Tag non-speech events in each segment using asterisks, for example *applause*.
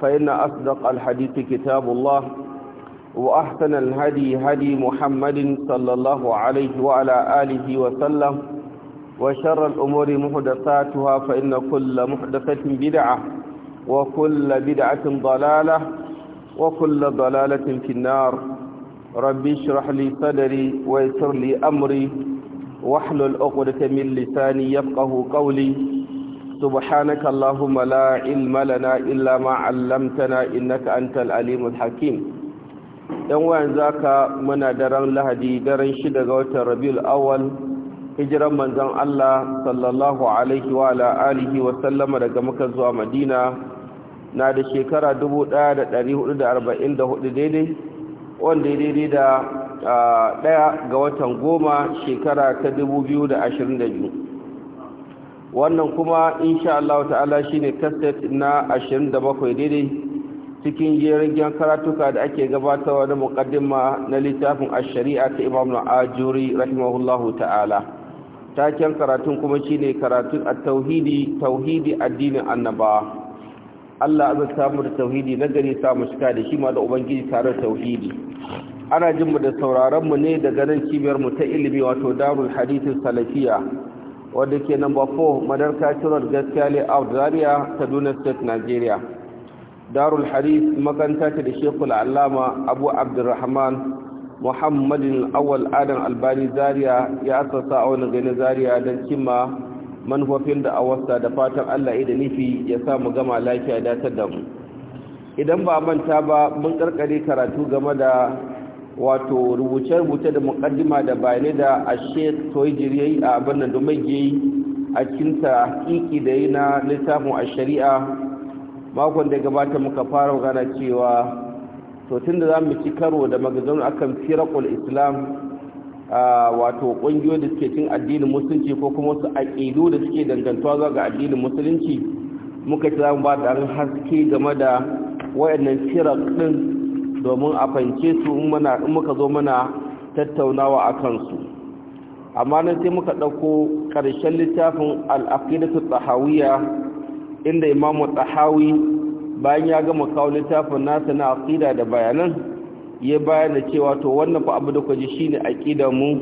فإن أصدق الحديث كتاب الله وأحسن الهدي هدي محمد صلى الله عليه وعلى آله وسلم وشر الأمور محدثاتها فإن كل محدثة بدعة وكل بدعة ضلالة وكل ضلالة في النار ربي اشرح لي صدري ويسر لي أمري واحلل عقدة من لساني يفقه قولي سبحانك اللهم لا علم لنا إلا ما علمتنا إنك أنت العليم الحكيم yan wayan za ka muna da ran lahadi da ran shida ga watan rabiul awal hijiran manzan Allah sallallahu alaihi wa ala alihi wa sallama daga Makka zuwa Madina na da shekara 1444 daidai wanda daidai da daya ga watan goma shekara ta 2022 wannan kuma insha Allah ta'ala shine kaset na 27 daidai cikin jirgin karatuka da ake gabatarwa da muqaddima na littafin ash-shari'a ta Imam al-Ajuri rahimahullahu ta'ala taken karatun kuma shine karatun a tauhidi tauhidi addinin annaba Allah azza samu da tauhidi na gari samu shika da shi ma da ubangiji tare tauhidi ana jin mu da sauraron mu ne daga nan cibiyar mu ta ilimi wato Darul hadisin salafiya. wadda ke number 4 madarka road gaskiya layout zaria kaduna state nigeria darul hadith makanta ta da shekul alama, abu abdurrahman muhammadin awal adam albani zaria ya asasa a wani gani zaria don cimma manufofin da a wasta da fatan allah da nufi ya samu gama lafiya datar da mu idan ba manta ba mun karkare karatu game da wato rubuce-rubuce da mukaddima da bayanai da ashe toyjir yayi a abin nan domin yayi a cikin hakiki da yi na littafin a shari'a makon da gabata muka fara magana cewa to tunda za mu ci karo da magazin akan firakul islam wato ƙungiyoyi da suke cin addinin musulunci ko kuma su aƙidu da suke dangantuwa zuwa ga addinin musulunci muka ci za mu ba da haske game da wayannan firak ɗin domin a fanke su in muka zo mana tattaunawa a kansu amma nan sai muka ɗauko ƙarshen littafin al'afidatu tsahawiya inda imamu tsahawi bayan ya gama kawo littafin nasa na aƙida da bayanan ya bayyana cewa to wannan fa abu da kwaji shi ne mu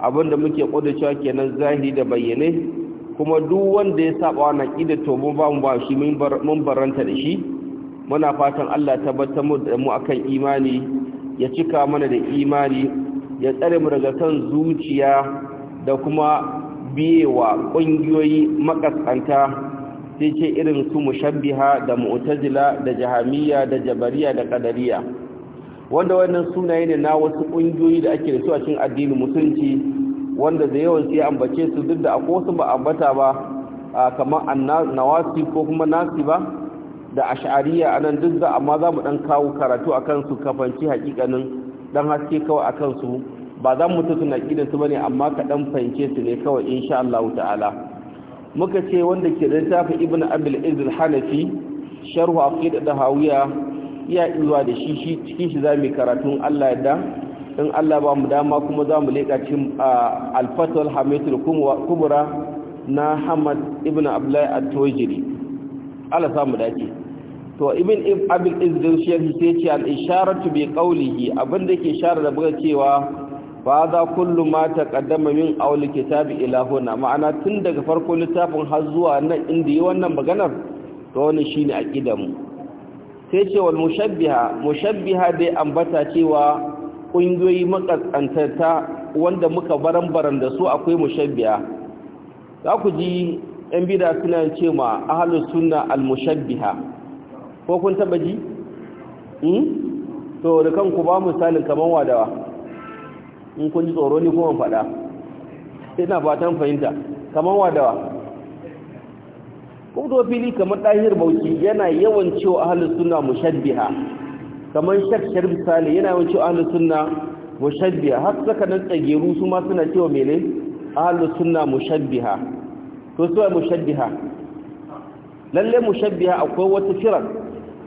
abinda muke cewa kenan zahiri da bayyane kuma duk wanda ya saba wannan aƙida to mun ba mu ba shi mun baranta da shi muna fatan Allah tabbatar mu akan imani ya cika mana da imani ya tsare mu daga kan zuciya da kuma biyewa ƙungiyoyi makasanta sai ce irin su mushabbiha da mu'tazila da jahamiya da jabariya da qadariya wanda wannan sunaye ne na wasu ƙungiyoyi da ake da su a cikin addinin musulunci wanda da yawan sai ambace su duk da akwai su ba ambata ba kamar annawasi ko kuma ba? da ash'ariya anan duk za amma za mu dan kawo karatu akan su kafanci hakikanin dan haske kawai akan su ba za mu tutun aqidan su bane amma ka dan fahimce su ne kawai insha Allah ta'ala muka ce wanda ke da tafi ibn abul izz al-hanafi sharhu aqidat dahawiya iya iwa da shi shi cikin shi zamu karatu Allah yadda in Allah ba mu dama kuma za mu leka cikin al-fatwa kubra na Hamad ibn Abdullah at-Tawjiri Allah samu dace to ibn abul izdin shi sai ce al-isharatu bi qawlihi abinda yake share da buga cewa fa za kullu ma taqaddama min awl kitabi ila huna ma'ana tun daga farko littafin har zuwa nan inda yi wannan maganar to wannan shine aqidan mu sai ce wal mushabbiha mushabbiha dai ambata cewa kungiyoyi makasantata wanda muka barambaran da su akwai mushabbiha za ku ji yan bida suna cewa ma ahlus sunna al mushabbiha ko kun taba ji hmm? to da kanku ba misalin kaman wadawa in kun ji tsoro ni kuma faɗa ina fatan fahimta kaman wadawa kudo fili kamar dahir bauchi yana yawan cewa ahlus sunna mushabbiha kamar shak sharif yana yawan cewa ahlus sunna mushabbiha har saka nan tsageru su ma suna cewa mene ahlus sunna mushabbiha to su mushabbiha lalle mushabbiha akwai wata firar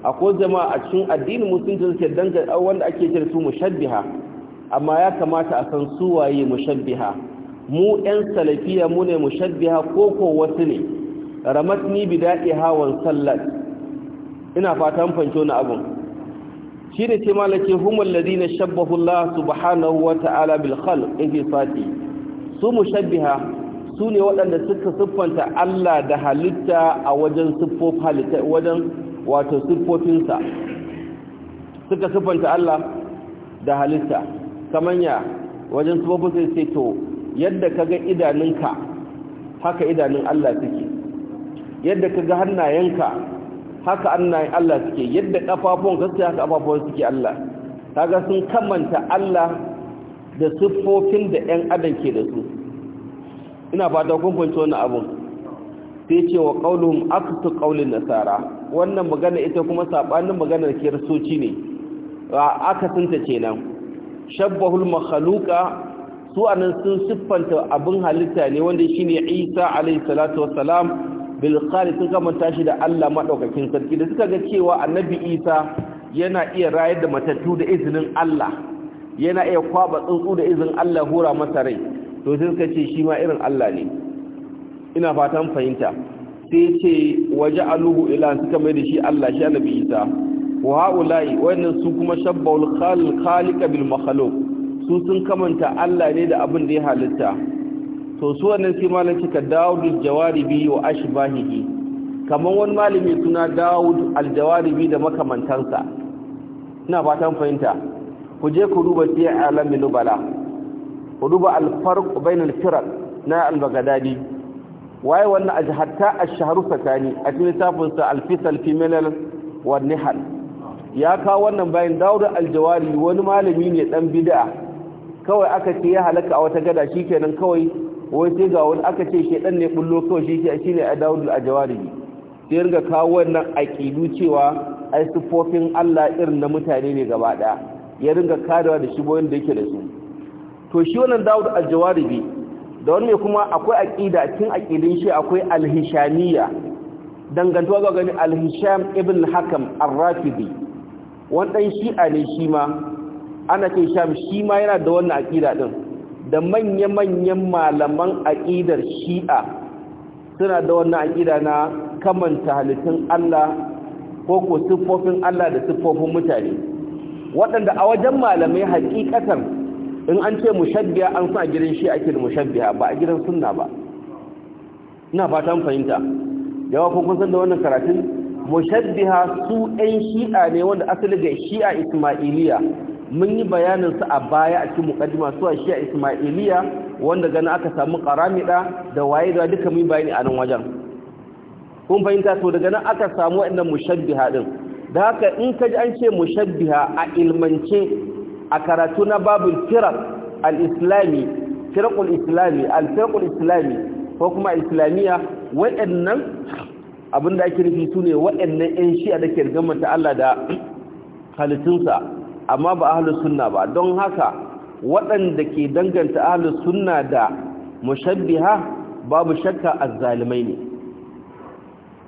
ko jama'a a cikin addinin musulunci suke danganta wanda ake kira su mushabbiha amma ya kamata a san su waye mushabbiha mu ɗan salafiya mu ne mushabbiha ko ko wasu ne ramatni bida'i hawan sallat ina fatan fanto na abun shi ne ce malake humul ladina shabbahu Allah subhanahu wa ta'ala bil khalq infisati su mushabbiha su ne waɗanda suka siffanta Allah da halitta a wajen siffofin halitta wajen wato siffofinsa suka siffanta Allah da halitta kamanya wajen siffofin sai to yadda kaga idanunka haka idanun Allah suke yadda kaga hannayenka haka hannayen Allah suke yadda kafafun gaskiya haka kafafun suke Allah kaga sun kamanta Allah da siffofin da ɗan adam ke da su ina fata kun fahimci wannan abun sai ce wa qauluhum aqtu qaulin nasara wannan magana ita kuma sabanin maganar kiristoci ne aka sunta kenan shabbahul makhluqa su anan sun siffanta abin halitta ne wanda shine Isa alayhi salatu wassalam bil khaliq kuma tashi da Allah madaukakin sarki da suka ga cewa annabi Isa yana iya rayar da matattu da izinin Allah yana iya kwaba tsuntsu da izinin Allah hura masa rai to sai suka ce shi ma irin Allah ne ina fatan fahimta sai ce waje aluhu ila suka mai da shi Allah shi annabi Isa wa haulai wannan su kuma khal khaliqa bil makhluq su sun kamanta Allah ne da abin da ya halitta to su wannan sai malaki ka Dawud jawaribi wa ashbahihi kamar wani malami suna Dawud al-jawaribi da makamantansa ina fatan fahimta ku je ku duba sai alamin nubala ku duba al-farq bainal firaq na al-baghdadi waye wannan ajhatta ash-shahru sakani a cikin littafin sa al-fisal fi wa nihal ya kawo wannan bayan daud al-Jawari wani malami ne dan bid'a kawai aka ce ya halaka a wata gada shikenan kawai wai sai ga wani aka ce shedan ne bullo kawai shi ke shine a Dawud al-Jawari sai ringa kawo wannan aqidu cewa ai sufofin Allah irin na mutane ne gaba daya ya ringa kadawa da shi boyin da yake da su to shi wannan Dawud al-Jawari da wani kuma akwai aqida cikin aqidin shi akwai al-hishamiyya dangantuwa ga gani al-hisham ibn hakam ar-rafidi ɗan shi'a ne shi ma ana ce sham shi ma yana da wannan aqida din da manya-manyan malaman aqidar shi'a suna da wannan aqida na kamanta halittun Allah ko ko siffofin Allah da siffofin mutane waɗanda a wajen malamai haƙiƙatar. in an ce mushabbiya an sa gidan shi ake da mushabbiya ba a gidan sunna ba ina fata mun fahimta yawa kun kun san da wannan karatun mushabbiha su ɗan shi'a ne wanda asali ga shi'a ismailiya mun yi bayanin su a baya a cikin mukaddima su a shi'a ismailiya wanda gana aka samu qaramida da waye da duka mun bayani a nan wajen kun fahimta to daga nan aka samu wannan mushabbiha din da haka in kaji an ce mushabbiha a ilmance a karatu na babul firar al-islami firakul islami al-firakul islami ko kuma islamiyya waɗannan abinda ake rufi su ne waɗannan 'yan shi'a da ke ta Allah da halittunsa amma ba ahalus sunna ba don haka waɗanda ke danganta ahalus sunna da mushabbiha babu shakka azzalimai ne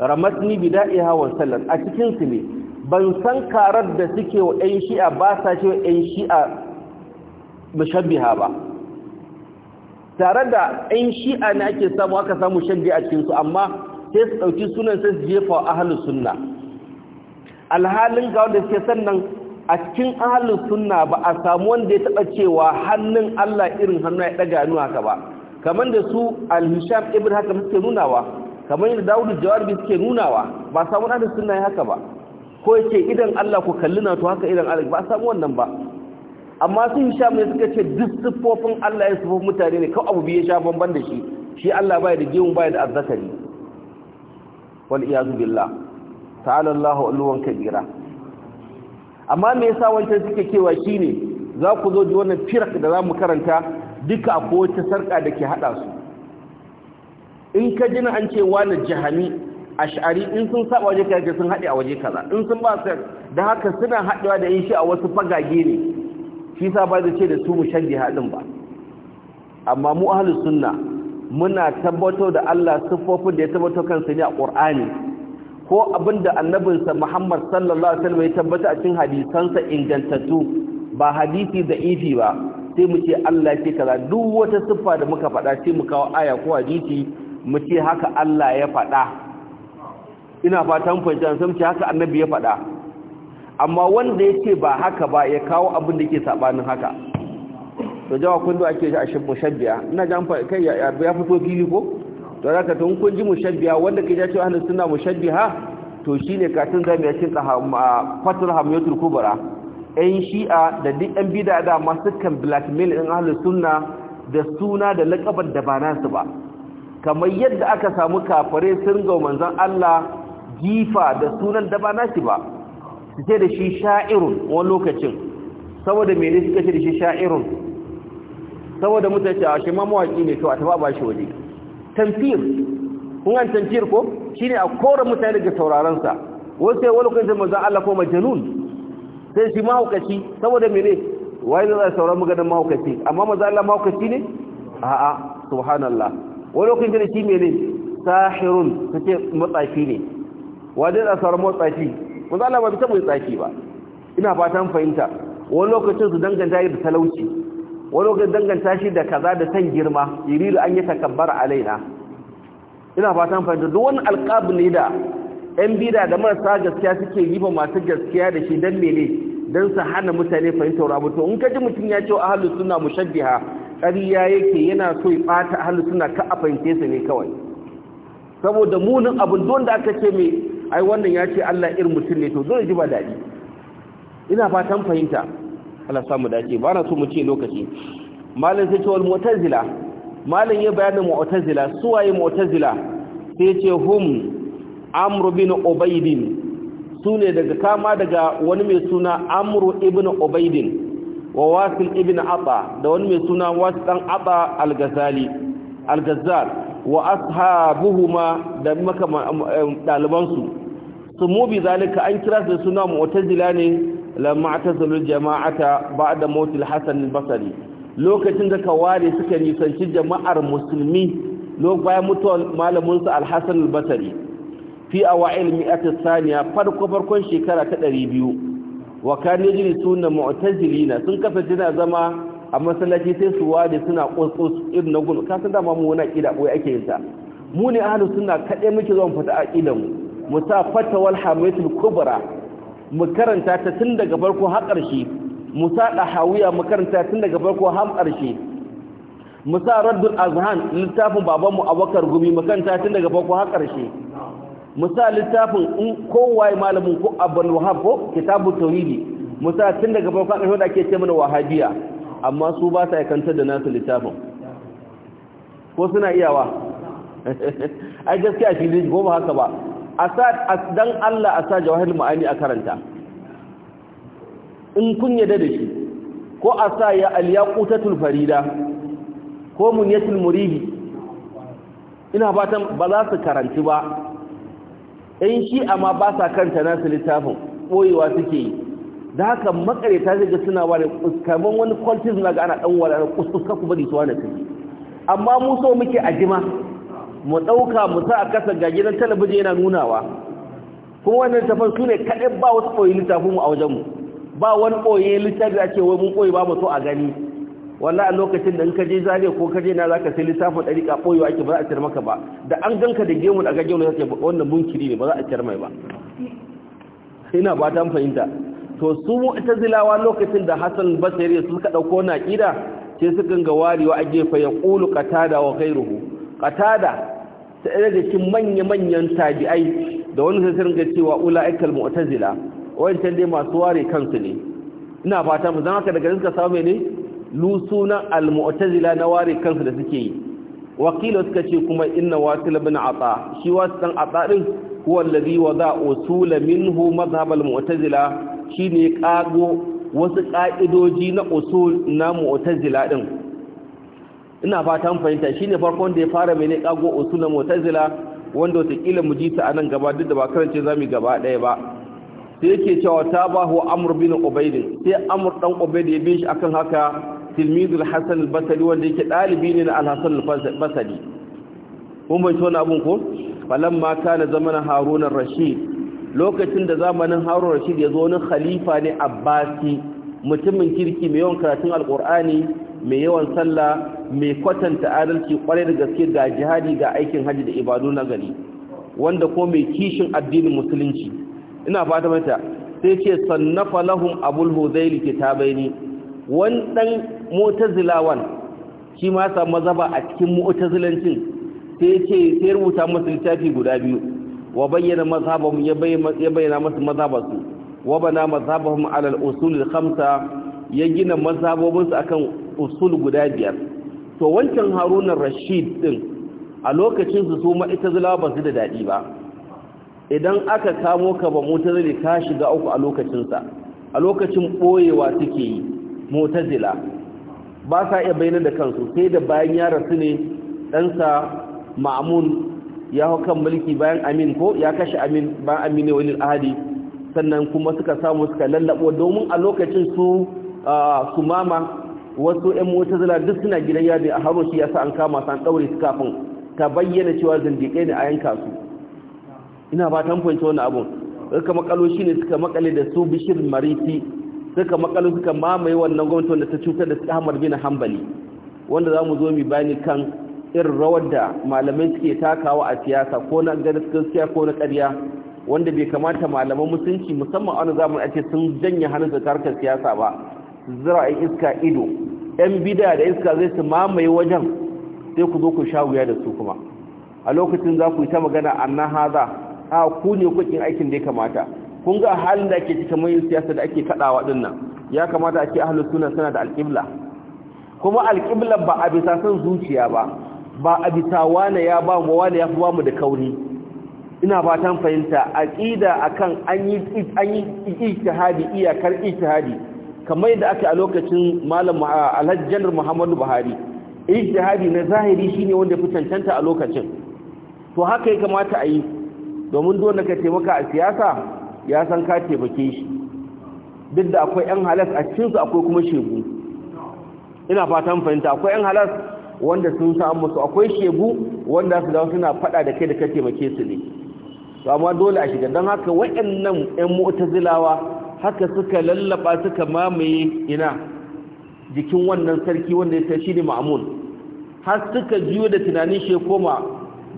ramatni bida'iha wa sallan a cikin su ne ban san karar da suke wa ɗan shi'a ba sa ce wa ɗan shi'a mushabbiha ba tare da ɗan shi'a na ake samu aka samu shabbi a cikinsu amma sai su ɗauki sunan sai su jefa wa ahalus sunna alhalin ga wanda suke sannan a cikin ahalus sunna ba a samu wanda ya taɓa cewa hannun Allah irin hannu ya ɗaga hannu haka ba kamar da su alhisham ibn haka suke nunawa kamar yadda dawudu jawarbi suke nunawa ba samu na sunna ya haka ba ko yake idan Allah ku kalli na to haka idan Allah ba samu wannan ba amma sun sha mai suka ce duk sifofin Allah ya sifofin mutane ne kawai abu biye sha bamban da shi shi Allah baya da gemu baya da azzakari wal iyazu billah ta'ala Allahu alwan kabira amma me yasa wancan suke kewa shine za ku zo ji wannan firak da zamu karanta duka akwai wata sarka da ke hada su in ka jina an ce wani jahani ash'ari in sun saba waje kaza sun haɗe a waje kaza in sun ba su da haka suna haɗewa da yin shi a wasu fagage ne shi sa ba zai ce da su mushaddi hadin ba amma mu ahlus sunna muna tabbatar da Allah sifofin da ya tabbatar kansa ne a Qur'ani ko abinda annabinsa Muhammad sallallahu alaihi wasallam ya tabbata a cikin hadisansa ingantattu ba hadisi da ifi ba sai mu ce Allah ke kaza duk wata siffa da muka faɗa sai mu kawo aya ko hadisi mu ce haka Allah ya faɗa ina fatan fahimta sun haka annabi ya faɗa amma wanda ya ce ba haka ba ya kawo abin da ke saɓanin haka to jawa kun da ake a shin mushabbiya ina jan kai ya fito fili ko to haka tun kun ji mushabbiya wanda kai ya ce ahlus sunna mushabbiha to shine katin zamu ya ce fatul hamiyatul kubra ɗan shi'a da duk ɗan bida da masu kan blackmail ɗin ahlus sunna da suna da laƙabar da ba nasu ba kamar yadda aka samu kafare sun ga manzon Allah jifa da sunan da ba nashi ba su ce da shi sha'irun wani lokacin saboda mene suka ce da shi sha'irun saboda mutane a shi ma ne to a taba ba shi waje tamfir kun an tamfir ko shi ne a kora mutane daga sauraron sa wasu sai wani lokacin maza Allah ko majalun sai shi mahaukaci saboda mene wai za a saurara maganar mahaukaci amma maza Allah mahaukaci ne a'a subhanallah wani lokacin da shi mene sahirun su ce matsafi ne wajen a motsa tsaki manzo Allah ba ta taɓa tsaki ba ina fatan fahimta wani lokacin su danganta shi da talauci wani lokacin danganta shi da kaza da san girma iriri an yi a alaina ina fatan fahimta duk wani alƙabu ne da yan bida da marasa gaskiya suke yi ba masu gaskiya da shi don mene don su hana mutane fahimta abu to in ka ji mutum ya ce ahlus sunna mushaddiha ƙarya yake yana so ya ɓata ahlus suna, ka a fahimce su ne kawai saboda munin abin don da aka ce mai ai wannan ya ce Allah irin mutum ne to zo ji ba daɗi ina fatan fahimta Allah samu dace ba na so mu ce lokaci malam sai ce mu'tazila malam ya bayyana mu'tazila suwaye mu'tazila sai ce hum amru bin ubaydin sune daga kama daga wani mai suna amru ibn ubaydin wa wasil ibn aba da wani mai suna wasil dan aba al-ghazali al-ghazzal wa ashabuhuma da maka dalibansu su mu bi zalika an kira su suna mu'tazila ne lamma atazalu jama'ata ba'da mawt al-hasan al-basri lokacin da ware suka nisanci jama'ar musulmi lokacin bayan mutuwar malamin su al-hasan al-basri fi awa'il mi'at ath-thaniya farko farkon shekara ta 200 wa kan yajri sunna mu'tazilina sun kafa tana zama a masallaci sai su ware suna ƙosƙos irin na gudu ka san dama mu wani aƙida ɓoye ake yin ta mu ne ahalu suna kaɗai muke zuwa fata aƙidan mu mu sa wal hamiyatul kubra mu karanta ta tun daga farko har ƙarshe mu sa ɗahawiya mu karanta tun daga farko har ƙarshe mu sa raddul azhan littafin babanmu abakar gumi mu karanta tun daga farko har ƙarshe mu sa littafin in kowaye malamin ko abul wahab ko kitabut tauhidi mu sa tun daga farko har ƙarshe da ake ce mana wahabiyya amma su ba ta kantar da nasu littafin ko suna iyawa *laughs* ai gaskiya fili ko ba haka ba asa dan Allah asa jawahir ma'ani a karanta in kun yada da shi ko asa ya al-yaqutatul farida ko munyatul muridi ina fatan ba za su karanci ba in shi amma ba sa kanta nasu littafin ɓoyewa suke yi da haka makareta zai ga suna ware kamar wani kwaltizm na ga ana dan ware kuskuska ku bari suwa na kai amma mu so muke ajima mu ɗauka mu sa a kasa ga gidan talabijin yana nunawa kuma wannan tafar su ne kaɗai ba wasu ɓoye littafin mu a wajenmu ba wani ɓoye littafi a ce wai mun ɓoye ba mu so a gani wala a lokacin da in ka je zare ko ka je na zaka sai littafin ɗariƙa ɓoyewa ake ba za a ciyar maka ba da an ganka da gemu a ga gemu za ka ce wannan munkiri ne ba za a ciyar mai ba ina ba ta fahimta to su mu'tazilawa lokacin da Hassan Basri suka dauko na kida sai suka ga warewa a gefe ya qulu qatada wa ghayruhu qatada sai daga cikin manya-manyan tabi'ai da wani sai ringa cewa ulaiikal mu'tazila wayancan dai masu ware kansu ne ina fata mu zan haka daga ka samu ne lusuna al-mu'tazila na ware kansu da suke yi wakila suka ce kuma inna wasil ibn ata shi wasan ata din huwa alladhi wada usula minhu madhhab al-mu'tazila shine kago wasu ka'idoji na usul na mu'tazila din ina fatan fahimta shine farkon da ya fara mene kago usul na mu'tazila wanda wataƙila mu ji ta anan gaba duk da ba karance zamu gaba ɗaya ba sai yake cewa tabahu amr bin ubayd sai amr dan ubayd ya bi shi akan haka tilmizul hasan al wanda yake dalibi ne na al-hasan al-basri kun bai tona abun ko falamma kana harun rashid lokacin da zamanin harun rashid ya zo wani khalifa ne abbasi mutumin kirki mai yawan karatun alkur'ani mai yawan sallah mai kwatanta adalci kwarai da gaske ga jihadi ga aikin hajji da ibadu na gari wanda ko mai kishin addinin musulunci ina fata mata sai ce sannafa lahum abul huzaili kitabaini wan dan mu'tazilawan shi ma sa mazaba a cikin mu'tazilancin sai ce sai rubuta musu littafi guda biyu wa bayyana mazhabahum ya bayyana masu mazhabarsu wa bana mazhabahum ala al-usul al-khamsa ya gina mazhabobinsu akan usul guda biyar to wancan Haruna Rashid din a lokacin su su ma ita zulawa ba su da dadi ba idan aka kamo ka ba mutazili ka shiga uku a lokacin sa a lokacin boyewa suke yi mutazila ba sa iya bayyana da kansu sai da bayan ya rasu ne ɗansa ma'amun ya hau kan mulki bayan amin ko ya kashe amin bayan amin ne wani ahadi sannan kuma suka samu suka lallabo domin a lokacin su su mama wasu 'yan mutazila duk suna gidan yadi a haro shi yasa an kama san daure su kafin ta bayyana cewa zindiƙai ne a yanka su ina ba tan fahimci wannan abun suka makalo shi ne suka makale da su bishir mariti suka makalo suka mamaye wannan gwamnati wanda ta cutar da su ahmad bin hanbali wanda za mu zo mu bani kan irin rawar da malamai suke takawa a siyasa ko na gaskiya ko na ƙarya wanda bai kamata malaman mutunci musamman wani zamani ake sun janye hannun da siyasa ba zira a iska ido yan bida da iska zai su mamaye wajen sai ku zo ku sha wuya da su kuma a lokacin za ku yi ta magana annan haza a ku ne kukin aikin da ya kamata kun ga halin da ake cikin mai siyasa da ake kaɗawa ɗin nan ya kamata ake ahalin suna suna da alƙibla kuma alƙibla ba a bisa son zuciya ba ba a bisa wane ya ba mu wane ya fi ba mu da kauri ina fatan fahimta aqida akan an yi an yi ijtihadi iyakar ijtihadi kamar yadda ake a lokacin malam alhajjar Muhammadu Buhari ijtihadi na zahiri shine wanda fi cancanta a lokacin to haka ya kamata a yi domin dole ka taimaka a siyasa ya san ka taimake shi duk da akwai yan halas a cikinsu akwai kuma shegu ina fatan fahimta akwai yan halas wanda sun sa musu akwai shegu wanda su dawo suna fada da kai da ka taimake su ne to amma dole a shiga don haka waɗannan ƴan mu'tazilawa haka suka lallaba suka mamaye ina jikin wannan sarki wanda ya tashi ne ma'mun har suka jiyo da tunanin shi koma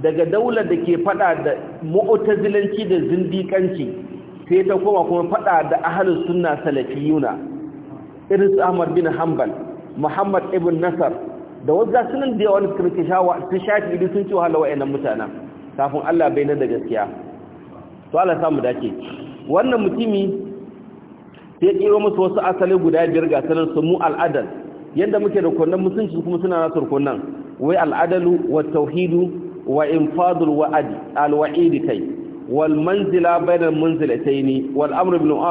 daga daular da ke fada da mu'tazilanci da zindiƙanci sai ta koma kuma fada da ahlus sunna salafiyuna irin Ahmad bin Hanbal Muhammad ibn Nasar da wasu sunan da yawa wani suka mace sun shafi idu sun ce wahala wa'annan mutanen kafin Allah bai na da gaskiya to Allah samu dace wannan mutumi sai ya kiro musu wasu asali guda biyar ga sanar su mu al'adal yadda muke da kwanan musulunci kuma suna nasu kunnan wai al'adalu wa tauhidu wa infadul wa'adi alwa'idi kai wal manzila ni. wal wa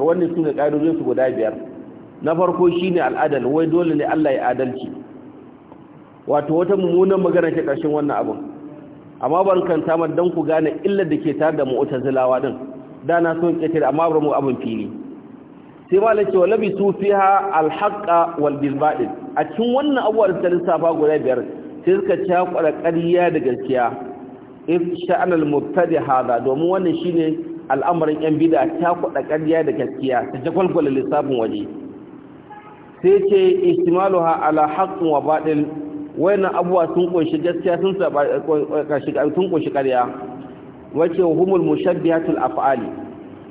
wannan guda biyar na farko shi ne al'adal wai dole ne Allah ya adalci wato wata mummunan magana ke ƙarshen wannan abin amma ban kan samar don ku gane illar da ke tare da mu'tazilawa din da na so ƙetare amma bar mu abin fili sai ma wala bi sufiha alhaqa wal bilbatil a cikin wannan abuwa da ta lissafa guda biyar sai suka cakwara ƙarya da gaskiya if sha'anal mubtadi hada domin wannan shine al'amarin yan bid'a cakwara ƙarya da gaskiya ta jakwalkwala lissafin waje sai ce istimaluha ala haqqin wa batil wayannan abubuwa sun kunshi gaskiya sun sun kunshi ƙarya wace humul mushabbihatul af'ali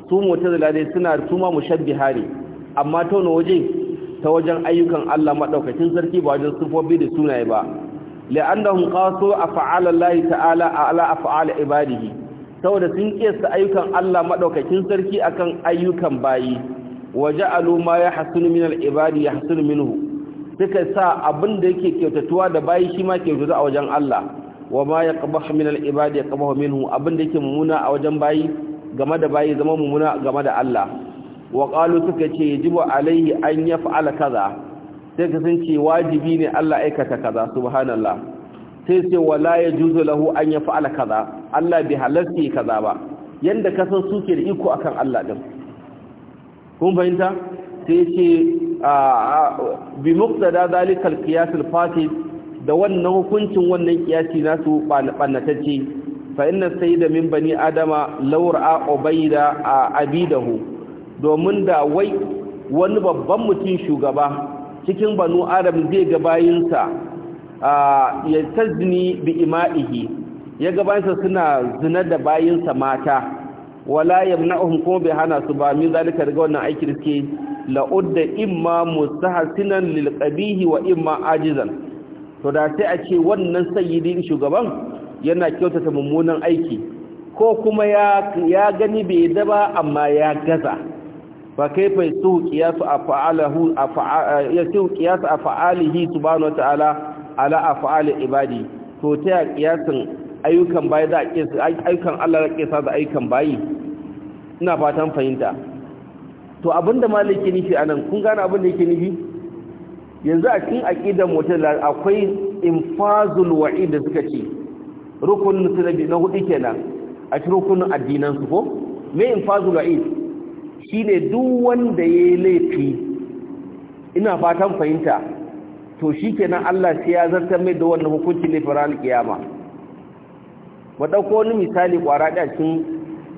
su mu'tazila dai suna tuma mushabbiha ne amma ta wani waje ta wajen ayyukan Allah madaukakin sarki ba wajen sufofi da sunaye ba la'annahum qasu af'ala Allah ta'ala ala af'ali ibadihi saboda sun kiyasta ayyukan Allah madaukakin sarki akan ayyukan bayi waja'alu ma yahsunu minal ibadi yahsunu minhu suka sa abin da yake kyautatuwa da bayi shi ma kyautatu a wajen Allah wa ma yaqbahu min ibadi ya yaqbahu minhu abin da yake mummuna a wajen bayi game da bayi zama mummuna game da Allah wa qalu suka ce yajibu alaihi an yaf'ala kaza sai ka san wajibi ne Allah aikata kaza subhanallah sai sai wala ya yajuzu lahu an fa'ala kaza Allah bi halasti kaza ba yanda ka san suke da iko akan Allah din kun fahimta sai ce bi muktada zalikal qiyas al fasid da wannan hukuncin wannan qiyasi nasu ɓannatacce fa inna sayyida min bani adama laura ubayda abidahu domin da wai wani babban mutum shugaba cikin banu adam zai ga bayinsa ya tazni bi ima'ihi ya bayinsa suna zina da bayinsa mata wala yamna'uhum kuma bai hana su ba min zalika daga wannan aikin da suke la'udda imma mustahsinan lil qabihi wa imma ajizan to da sai a ce wannan sayyidin shugaban yana kyautata mummunan aiki ko kuma ya ya gani bai da ba amma ya gaza fa kaifa su qiyasu af'alahu su qiyasu afaalihi subhanahu ta'ala ala af'ali ibadi to ta qiyasin ayyukan bayi da ayyukan Allah da qiyasa da ayyukan bayi ina fatan fahimta to abinda ma yake nufi anan kun gane abin da yake nufi yanzu a cikin aqidar mutum akwai infazul wa'id da suka ce rukunin sunabi na hudu kenan a cikin rukunin addinan su ko me infazul wa'id shine duk wanda ya laifi ina fatan fahimta to shikenan Allah sai ya zartar mai da wannan hukunci ne faran kiyama mu dauko wani misali kwara da cikin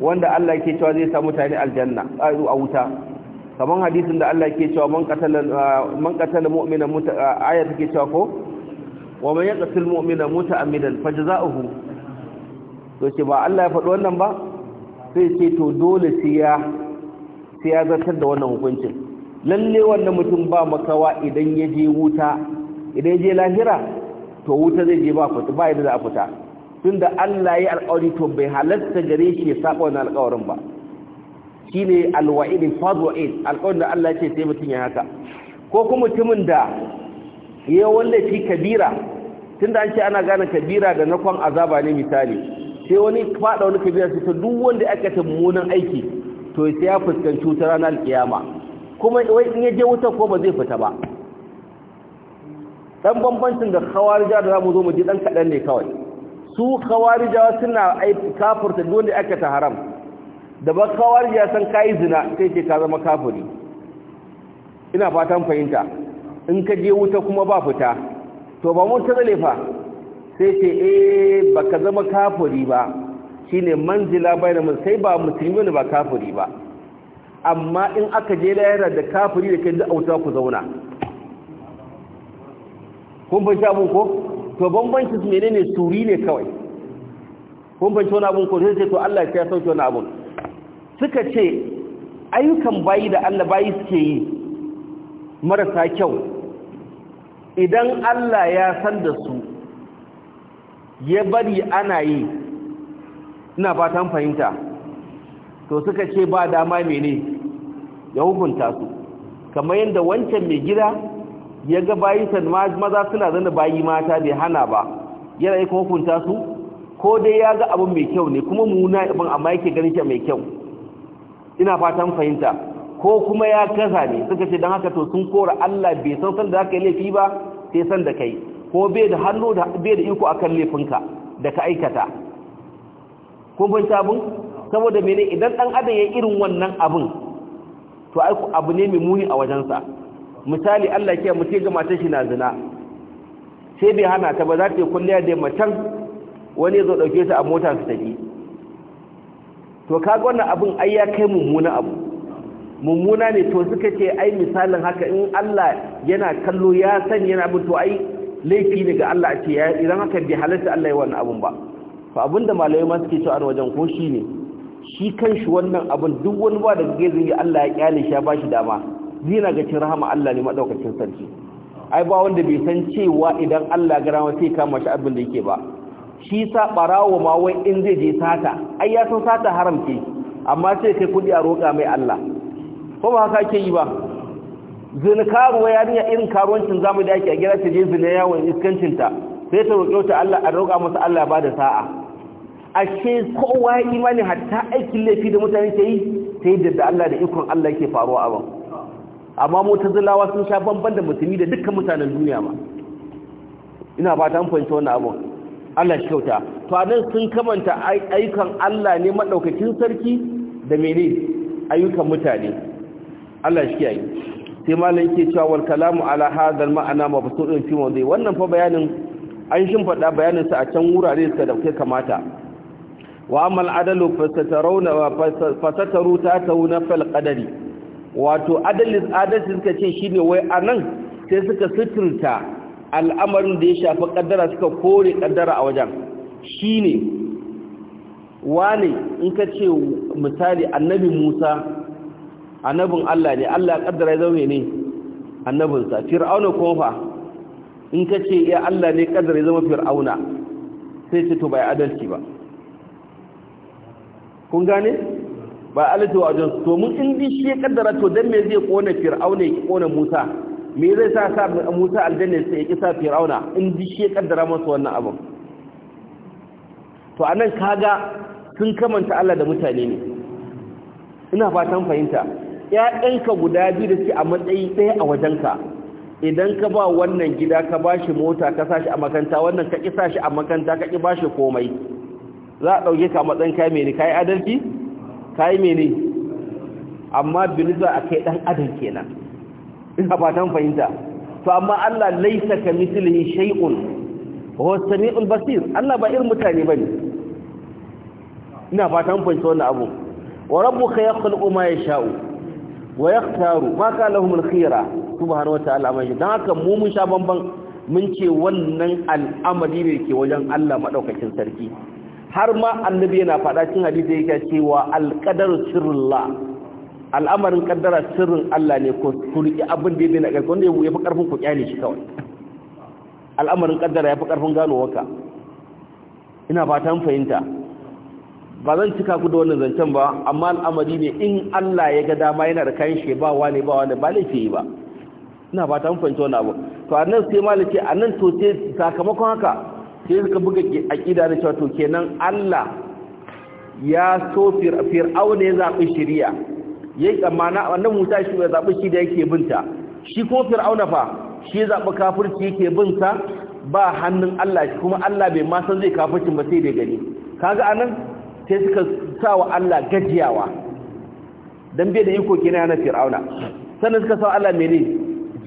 wanda Allah yake cewa zai sa mutane aljanna a wuta kaman hadisin da Allah yake cewa man katala man qatala mu'mina muta aya take cewa ko wa man yaqtul mu'mina muta'ammidan fajza'uhu to ce ba Allah ya faɗi wannan ba sai ce to dole siya siya zartar da wannan hukuncin lalle wannan mutum ba makawa idan ya je wuta idan ya je lahira to wuta zai je ba fita ba yadda za a fita tunda Allah ya alƙawari to bai halatta gare shi ya saba wannan alƙawarin ba Shi alwa'id fad wa'id alƙawarin da Allah ce sai mutum ya haka ko kuma mutumin da ya fi kabira tunda an ce ana gane kabira da nakon azaba ne misali sai wani faɗa wani kabira sai ta duk wanda aka ta mummunan aiki to sai ya fuskanci wuta ranar kiyama kuma wai in ya je wuta ko ba zai fita ba dan bambancin da khawarija da zamu zo mu ji dan kaɗan ne kawai su khawarijawa suna kafirta duk wanda aka ta haram da ba kawar ya san kayi zina sai ce ka zama kafiri ina fatan fahimta in ka je wuta kuma ba fita to ba mun tsare fa sai ce eh baka zama kafiri ba shine manzila bayan mun sai ba musulmi ne ba kafiri ba amma in aka je lahira da kafiri da kai da auta ku zauna kun ban abun ko to bambanci menene suri ne kawai kun fahimci wani abun ko sai ce to Allah ya sauke wani abun suka ce ayyukan bayi da Allah bayi suke yi marasa kyau idan Allah ya san da su ya bari ana yi ina fatan fahimta to suka ce ba dama mene ya hukunta su kamar yadda wancan mai gida ya ga bayi maza suna zana bayi mata bai hana ba yana yi kuma hukunta su ko dai ya ga abin mai kyau ne kuma muna abin amma yake ganin shi mai kyau ina fatan fahimta ko kuma ya kaza ne suka ce don haka to sun kora Allah bai san san da aka yi laifi ba sai san da kai ko bai da hannu da bai da iko akan laifinka da ka aikata kun fahimta bun saboda mene idan dan adam ya irin wannan abun to ai abu ne mai muni a wajensa misali Allah ya mu ce ga matan shi na zina sai bai hana ta ba za ta yi kulliya da macen wani ya zo dauke ta a mota su tafi to kaga wannan abin ai ya kai mummuna abu mummuna ne to suka ce ai misalin haka in Allah yana kallo ya sani yana abin to ai laifi ne ga Allah a ce idan haka bai halatta Allah ya wannan abin ba fa abinda malamai ma suke cewa wajen ko shi ne shi kan shi wannan abin duk wani ba da gezin ya Allah ya kyale shi ya bashi dama zina ga cin rahama Allah ne madaukakin sarki ai ba wanda bai san cewa idan Allah ya sai kama shi abin da yake ba shi sa barawo ma wai in zai je sata ai ya san sata haram amma sai kai kudi a roƙa mai Allah ko ba haka ke yi ba zina karuwa yarinya irin karuwancin zamu da yake a gida ta je zina yawan iskancin ta sai ta roƙo ta Allah a roƙa masa Allah ba da sa'a ashe kowa ya imani hatta aikin laifi da mutane ke yi sai da Allah da ikon Allah yake faruwa abin amma mutazilawa sun sha bamban da mutumi da dukkan mutanen duniya ma ina fata an fahimci wannan abu. Allah shi kyauta to anan sun kamanta ayyukan Allah ne madaukakin sarki da mene ayyukan mutane Allah shi kiyaye sai malam yake cewa wal kalamu ala hadal ma'ana mabsuudun fi mawdi wannan fa bayanin an shin fada bayanin sa a can wurare da dauke kamata wa amal adalu fasatarawna wa fasataru tauna fal qadari wato adalin adalis suka ce shine wai anan sai suka suturta al'amarin da ya shafi ƙaddara suka kore ƙaddara a wajen shi ne wane in ka ce misali annabi musa annabin allah ne allah ƙaddara ya zama ne annabinsa fir'auna kuma fa in ka ce ya allah ne ƙaddara ya zama fir'auna sai ce to bai adalci ba kun gane ba adalci wa wajen to mun in shi ya ƙaddara to don me zai kona fir'auna ya ƙona musa me zai sa sa Musa aljanna sai ya kisa Fir'auna in ji shi kaddara masa wannan abin to anan kaga sun kamanta Allah da mutane ne ina fatan fahimta ƴaƴanka guda biyu da su a matsayi ɗaya a wajenka idan ka ba wannan gida ka bashi mota ka sashi a makanta wannan ka ƙi shi a makanta ka ƙi bashi komai za a ɗauke ka matsayin kai mene kai adalci kai mene amma bilza a kai ɗan adam kenan ina fatan fahimta to amma Allah laisa ka mislihi shay'un wa samiul basir Allah ba irin mutane bane ina fatan fahimta wannan abu wa rabbuka yakhluqu ma yasha'u wa yaktaru ma kana lahum al khira subhanahu wa ta'ala amma dan haka mu mun sha banban mun ce wannan al'amari ne ke wajen Allah madaukakin sarki har ma annabi yana faɗa cikin hadisi yake cewa al-qadaru sirrullah al'amarin kaddara sirrin Allah ne ko ku riki abin da ya daina ƙarfi wanda ya fi ƙarfin ku kyale shi kawai al'amarin kaddara ya fi ƙarfin gano waka. ina fatan fahimta ba zan cika ku da wannan zancen ba amma al'amari ne in Allah ya ga dama yana da kayan shi ba wani ba wani ba laifi ba ina fatan fahimta wannan abu to a nan sai malaki a nan to ce sakamakon haka sai suka buga aƙida da cewa to kenan Allah ya so fir'auna ya zaɓi shari'a yayi tsammana annabi Musa shi ya zabi shi da yake binta shi ko Fir'auna fa shi zabi kafirci yake binta ba hannun Allah shi kuma Allah bai ma san zai kafirci ba sai da gani kaga anan sai suka sa wa Allah gajiyawa dan bai da iko kenan na Fir'auna sannan suka wa Allah mene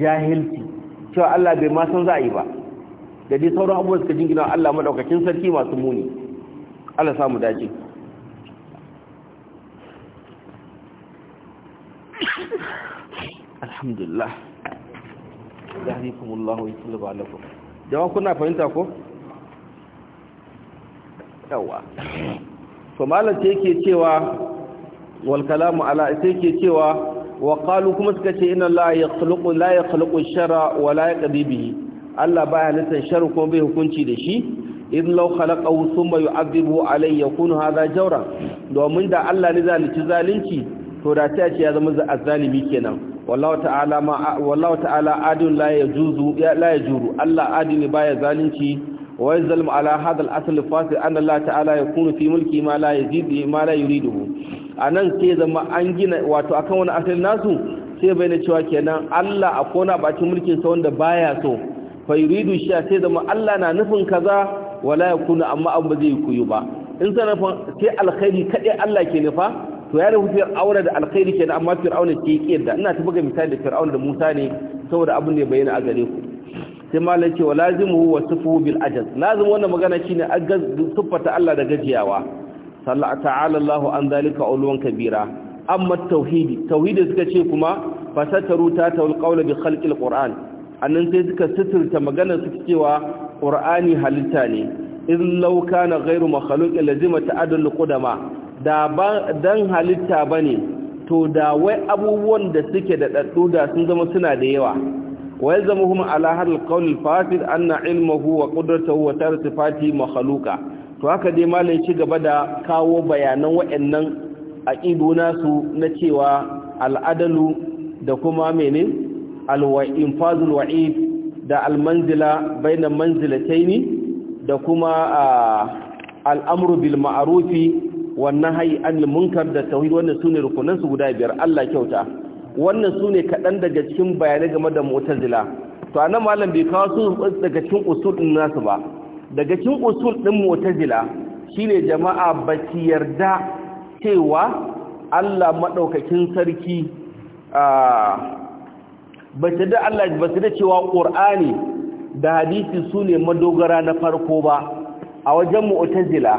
jahilci cewa Allah bai ma san za a yi ba da dai sauran abubuwa suka jingina Allah madaukakin sarki masu muni Allah samu dace alhamdulillah yahdikumullahu wa yusallu alaikum jama'a kuna fahimta ko yawa to malam sai yake cewa wal kalamu ala sai yake cewa wa qalu kuma suka ce inna la yakhluqu la yakhluqu shara wa la yaqdi bihi Allah baya halittar shar kuma bai hukunci da shi in law khalaqahu thumma yu'adhibu alayya kun hadha jawra domin da Allah ne zalunci zalunci to da ta ce ya zama azzalimi kenan wallahu ta'ala ma wallahu ta'ala adun la yajuzu ya la yajuru Allah adini baya zalunci wa yazlimu ala hadha al-asl al-fasid anna Allah ta'ala yakunu fi mulki ma la yazidu ma la yuridu anan sai zama an gina wato akan wani asalin nasu sai bayyana cewa kenan Allah a na bacin mulkin sa wanda baya so fa yuridu shi sai zama Allah na nufin kaza wala yakunu amma abu ba zai koyo ba in sanafin sai alkhairi kadai Allah ke nufa to ya rubuta fir'auna da alkhairi kenan amma fir'auna ke da ina ta buga misali da fir'auna da Musa ne saboda abin ne bayyana a gare ku sai malam ce wa lazimuhu wa sifuhu bil ajaz lazim wannan magana shine agaz tuffata Allah da gajiyawa sallallahu ta'ala Allahu an zalika ulwan kabira amma tauhidi tauhidi suka ce kuma fasataru ta tawul qawla bi khalqil qur'an annan sai suka suturta magana suka cewa qur'ani halitta ne in law kana ghayru makhluqin lazima ta'addul qudama da ba dan halitta bane to da wai abubuwan da suke da ɗaɗɗu da sun zama suna da yawa Wai zama ala hadal qawl al fasid anna ilmuhu wa qudratuhu wa tartifati mahaluka. to haka dai malai ci gaba da kawo bayanan waɗannan aqidu nasu na cewa al'adalu da kuma mene al-infazul wa'id da al-manzila bainal manzilataini da kuma ah, al'amru bil ma'arufi wannan hayi an munkar da tauhid wannan sune rukunan su guda biyar Allah kyauta wannan sune kadan daga cikin bayanai game da mu'tazila to anan malam bai kawo su daga cikin usul din nasu ba daga cikin usul din mu'tazila shine jama'a ba ci yarda cewa Allah madaukakin sarki ba su da Allah ba su da cewa Qur'ani da hadisi sune madogara na farko ba a wajen mu'tazila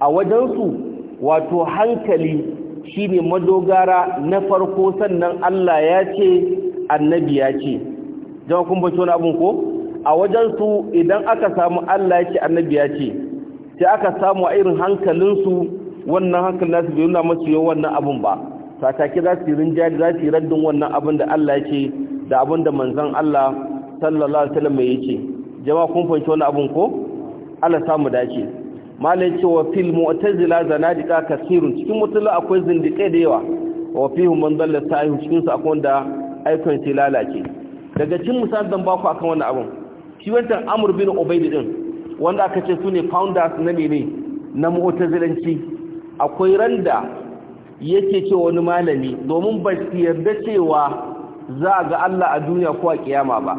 a wajensu wato hankali shine madogara na farko sannan Allah ya ce annabi ya ce jama kun bace wani abun ko a wajen su idan aka samu Allah ya ce annabi ya ce sai aka samu a irin hankalin su wannan hankalin nasu bai nuna masu yau wannan abun ba satake za su yi za su yi raddin wannan abin da Allah ya ce da abin da manzon Allah sallallahu alaihi wasallam ya ce jama kun fahimci wani abun ko Allah samu dace malai ce wa fil mu'tazila zanadiqa kasirun cikin mutula akwai zindiƙe da yawa wa fihum man dalla sa'ihu cikin su akwai wanda aikon shi lalace daga cikin misalan ba ku akan wannan abun shi wancan Amr bin Ubayd din wanda aka ce sune founders na mene na mu'tazilanci akwai randa yake ce wani malami domin ba shi yarda cewa za ga Allah a duniya ko a kiyama ba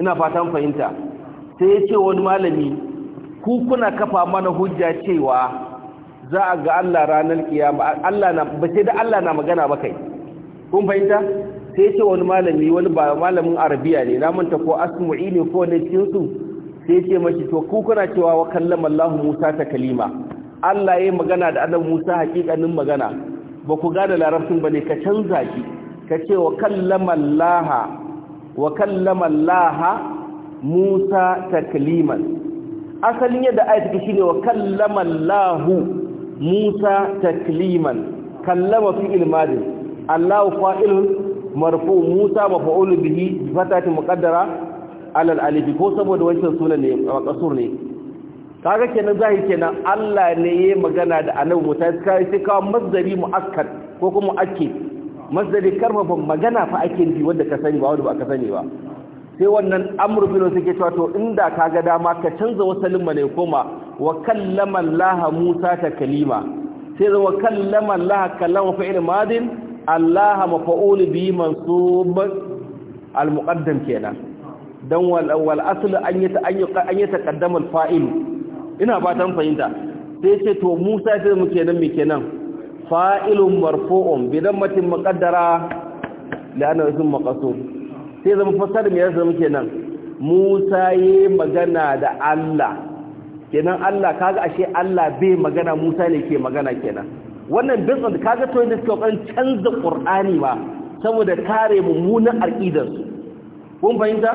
ina fatan fahimta sai ya ce wani malami ku kuna kafa mana hujja cewa za a ga Allah ranar kiyama Allah na ba sai da Allah na magana ba kai kun fahimta sai ce wani malami wani ba malamin arabiya ne na manta ko asmu'i ne ko ne cikin su sai ce mashi to ku kuna cewa wa kallama Allah Musa ta kalima Allah yayin magana da Annabi Musa hakikanin magana ba ku gane larabcin bane ka canza ki ka ce wa kallama Allah wa kallama Allah Musa takliman asalin yadda ayat take shine wa kallama Allah Musa takliman kallama fi ilmadi Allah fa'il marfu Musa maf'ul bihi fatati muqaddara alal alif ko saboda wancan sunan ne a kasur ne kaga kenan zahi kenan Allah ne yayi magana da Annabi Musa sai sai ka masdari muakkad ko kuma muakkid masdari karfafa magana fa ake bi wanda ka sani ba wanda ba ka sani ba sai wannan amru bin suke cewa to inda ka ga dama ka canza wasalin mana ya koma wa kallama Allah Musa ta kalima sai zama kallama Allah kallama fa'il madin Allah mafa'ul bi mansub al muqaddam kenan dan wal wal asl an yi an yi taqaddama al fa'il ina fatan fahimta sai ce to Musa sai mu kenan mi kenan fa'ilun marfu'un bi dammatin muqaddara la'anna ism maqsud sai zama fasar mai yasa muke nan musa yi magana da allah kenan allah kaga ashe allah bai magana musa ne ke magana kenan wannan bisan kaga to da suka kan canza qur'ani ba saboda kare mummunan aqidar su kun fahimta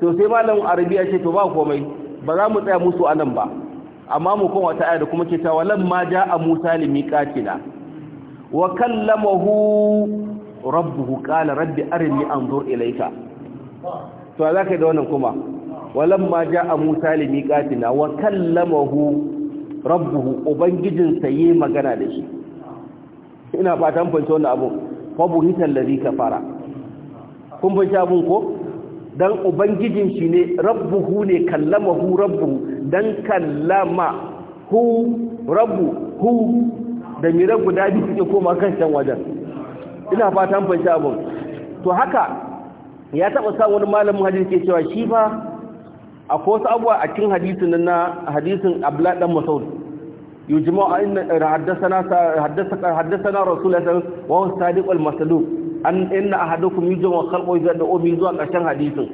to sai malamin arabiya ce to ba komai ba za mu tsaya musu anan ba amma mu kuma wata aya da kuma ke cewa lamma ja'a musa limiqatina wa kallamahu rabbuhu qala rabbi arini anzur ilayka to zaka da wannan kuma walamma jaa musa limiqatina wa kallamahu rabbuhu ubangijin saye magana da shi ina fatan fahimta wannan abu fa buhita allazi kafara kun fanta abun ko dan ubangijin shi ne rabbuhu ne kallamahu rabbu dan kallama hu rabbu hu da mira guda biyu suke koma kan can wajen ina fatan fanci abin to haka ya taɓa sa wani malamin hadisi ke cewa shi fa a kosa abuwa a cikin hadisin na hadisin abdullahi dan masaud yujma'u inna haddathana haddathaka haddathana rasulullahi sallallahu alaihi wasallam wa huwa sadiq al-masaduq an inna ahadukum yujma'u khalqahu idza da obi zuwa karshen hadisin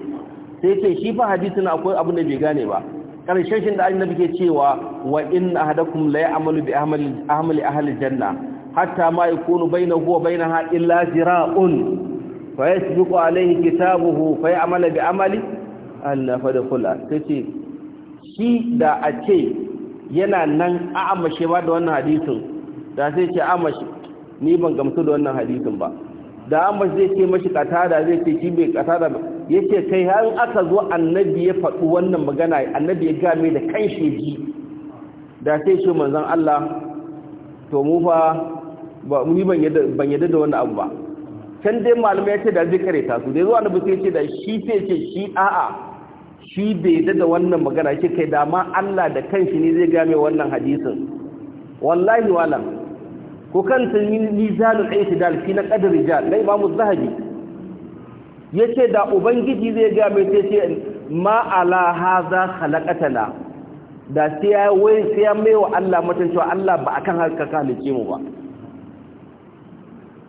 sai ce shi fa hadisin akwai abu da bai gane ba karshen shin da annabi ke cewa wa inna ahadakum la ya'malu bi ahmali ahmali ahli janna hatta ma yakunu bainahu wa bainaha illa zira'un fa yasbiqu alayhi kitabuhu fa ya'malu bi amali alla fa da kula shi da a ce yana nan a amashe ba da wannan hadisin da sai ce amashe ni ban gamsu da wannan hadisin ba da amashe zai ce mashi da zai ce shi bai katada da. yace kai har aka zo annabi ya faɗi wannan magana annabi ya game da kanshi ji da sai shi manzon Allah to mu fa ba ni ban yadda ban yadda da wannan abu ba can dai malamai ya ce da zai kare Da ya zo zuwa annabi sai ce da shi ce ce shi a'a shi bai yadda da wannan magana ce kai da ma Allah da kanshi ne zai game wannan hadisin wallahi wala ko kan tilmin mizanul i'tidal fi na qadr rijal ba mu zahabi yace da ubangiji zai game sai ce ma ala hadha khalaqatana da sai ya wai sai ya wa Allah mutunci Allah ba akan haka ka mu ba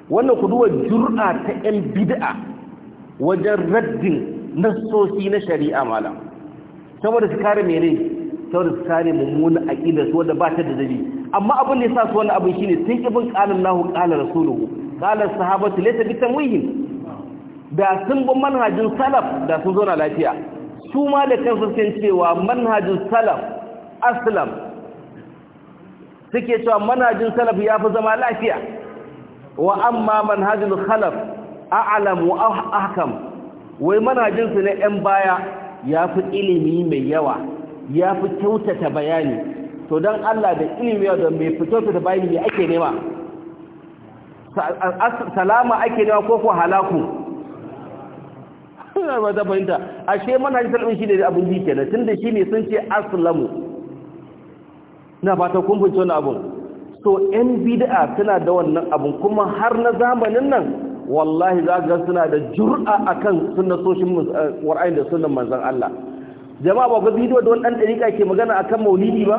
wannan kuduwar jur'a ta 'yan bid'a wajen raddin nassosi na shari'a malam saboda su kare mene saboda su kare mummuna aqida su wanda ba ta da dabi amma abin da ya sa su wani abin shine sun ibn qalan lahu qala rasuluhu qala sahabatu laysa bitamwihin da sun bin manhajin salaf da sun zo na lafiya su ma da kansu sun cewa manhajin salaf aslam suke cewa manhajin salaf ya fi zama lafiya wa amma manhajul khalaf a'lam wa ah-, ahkam wai manhajin su na yan baya ya fi ilimi mai yawa ya fi kyautata bayani to dan Allah da ilimi don mai kyautata bayani ne ake nema salama ake nema ko ko halaku ba ta fahimta ashe ne salamin shine da abun bi kenan tunda shine sun ce aslamu na fata kun fahimci wannan abun so yan bid'a suna da wannan abun kuma har na zamanin nan wallahi za ga suna da jur'a akan soshin eh, Qur'ani da sunnan manzon Allah jama'a ba ga bidiyo da wannan dariƙa ke magana akan maulidi ba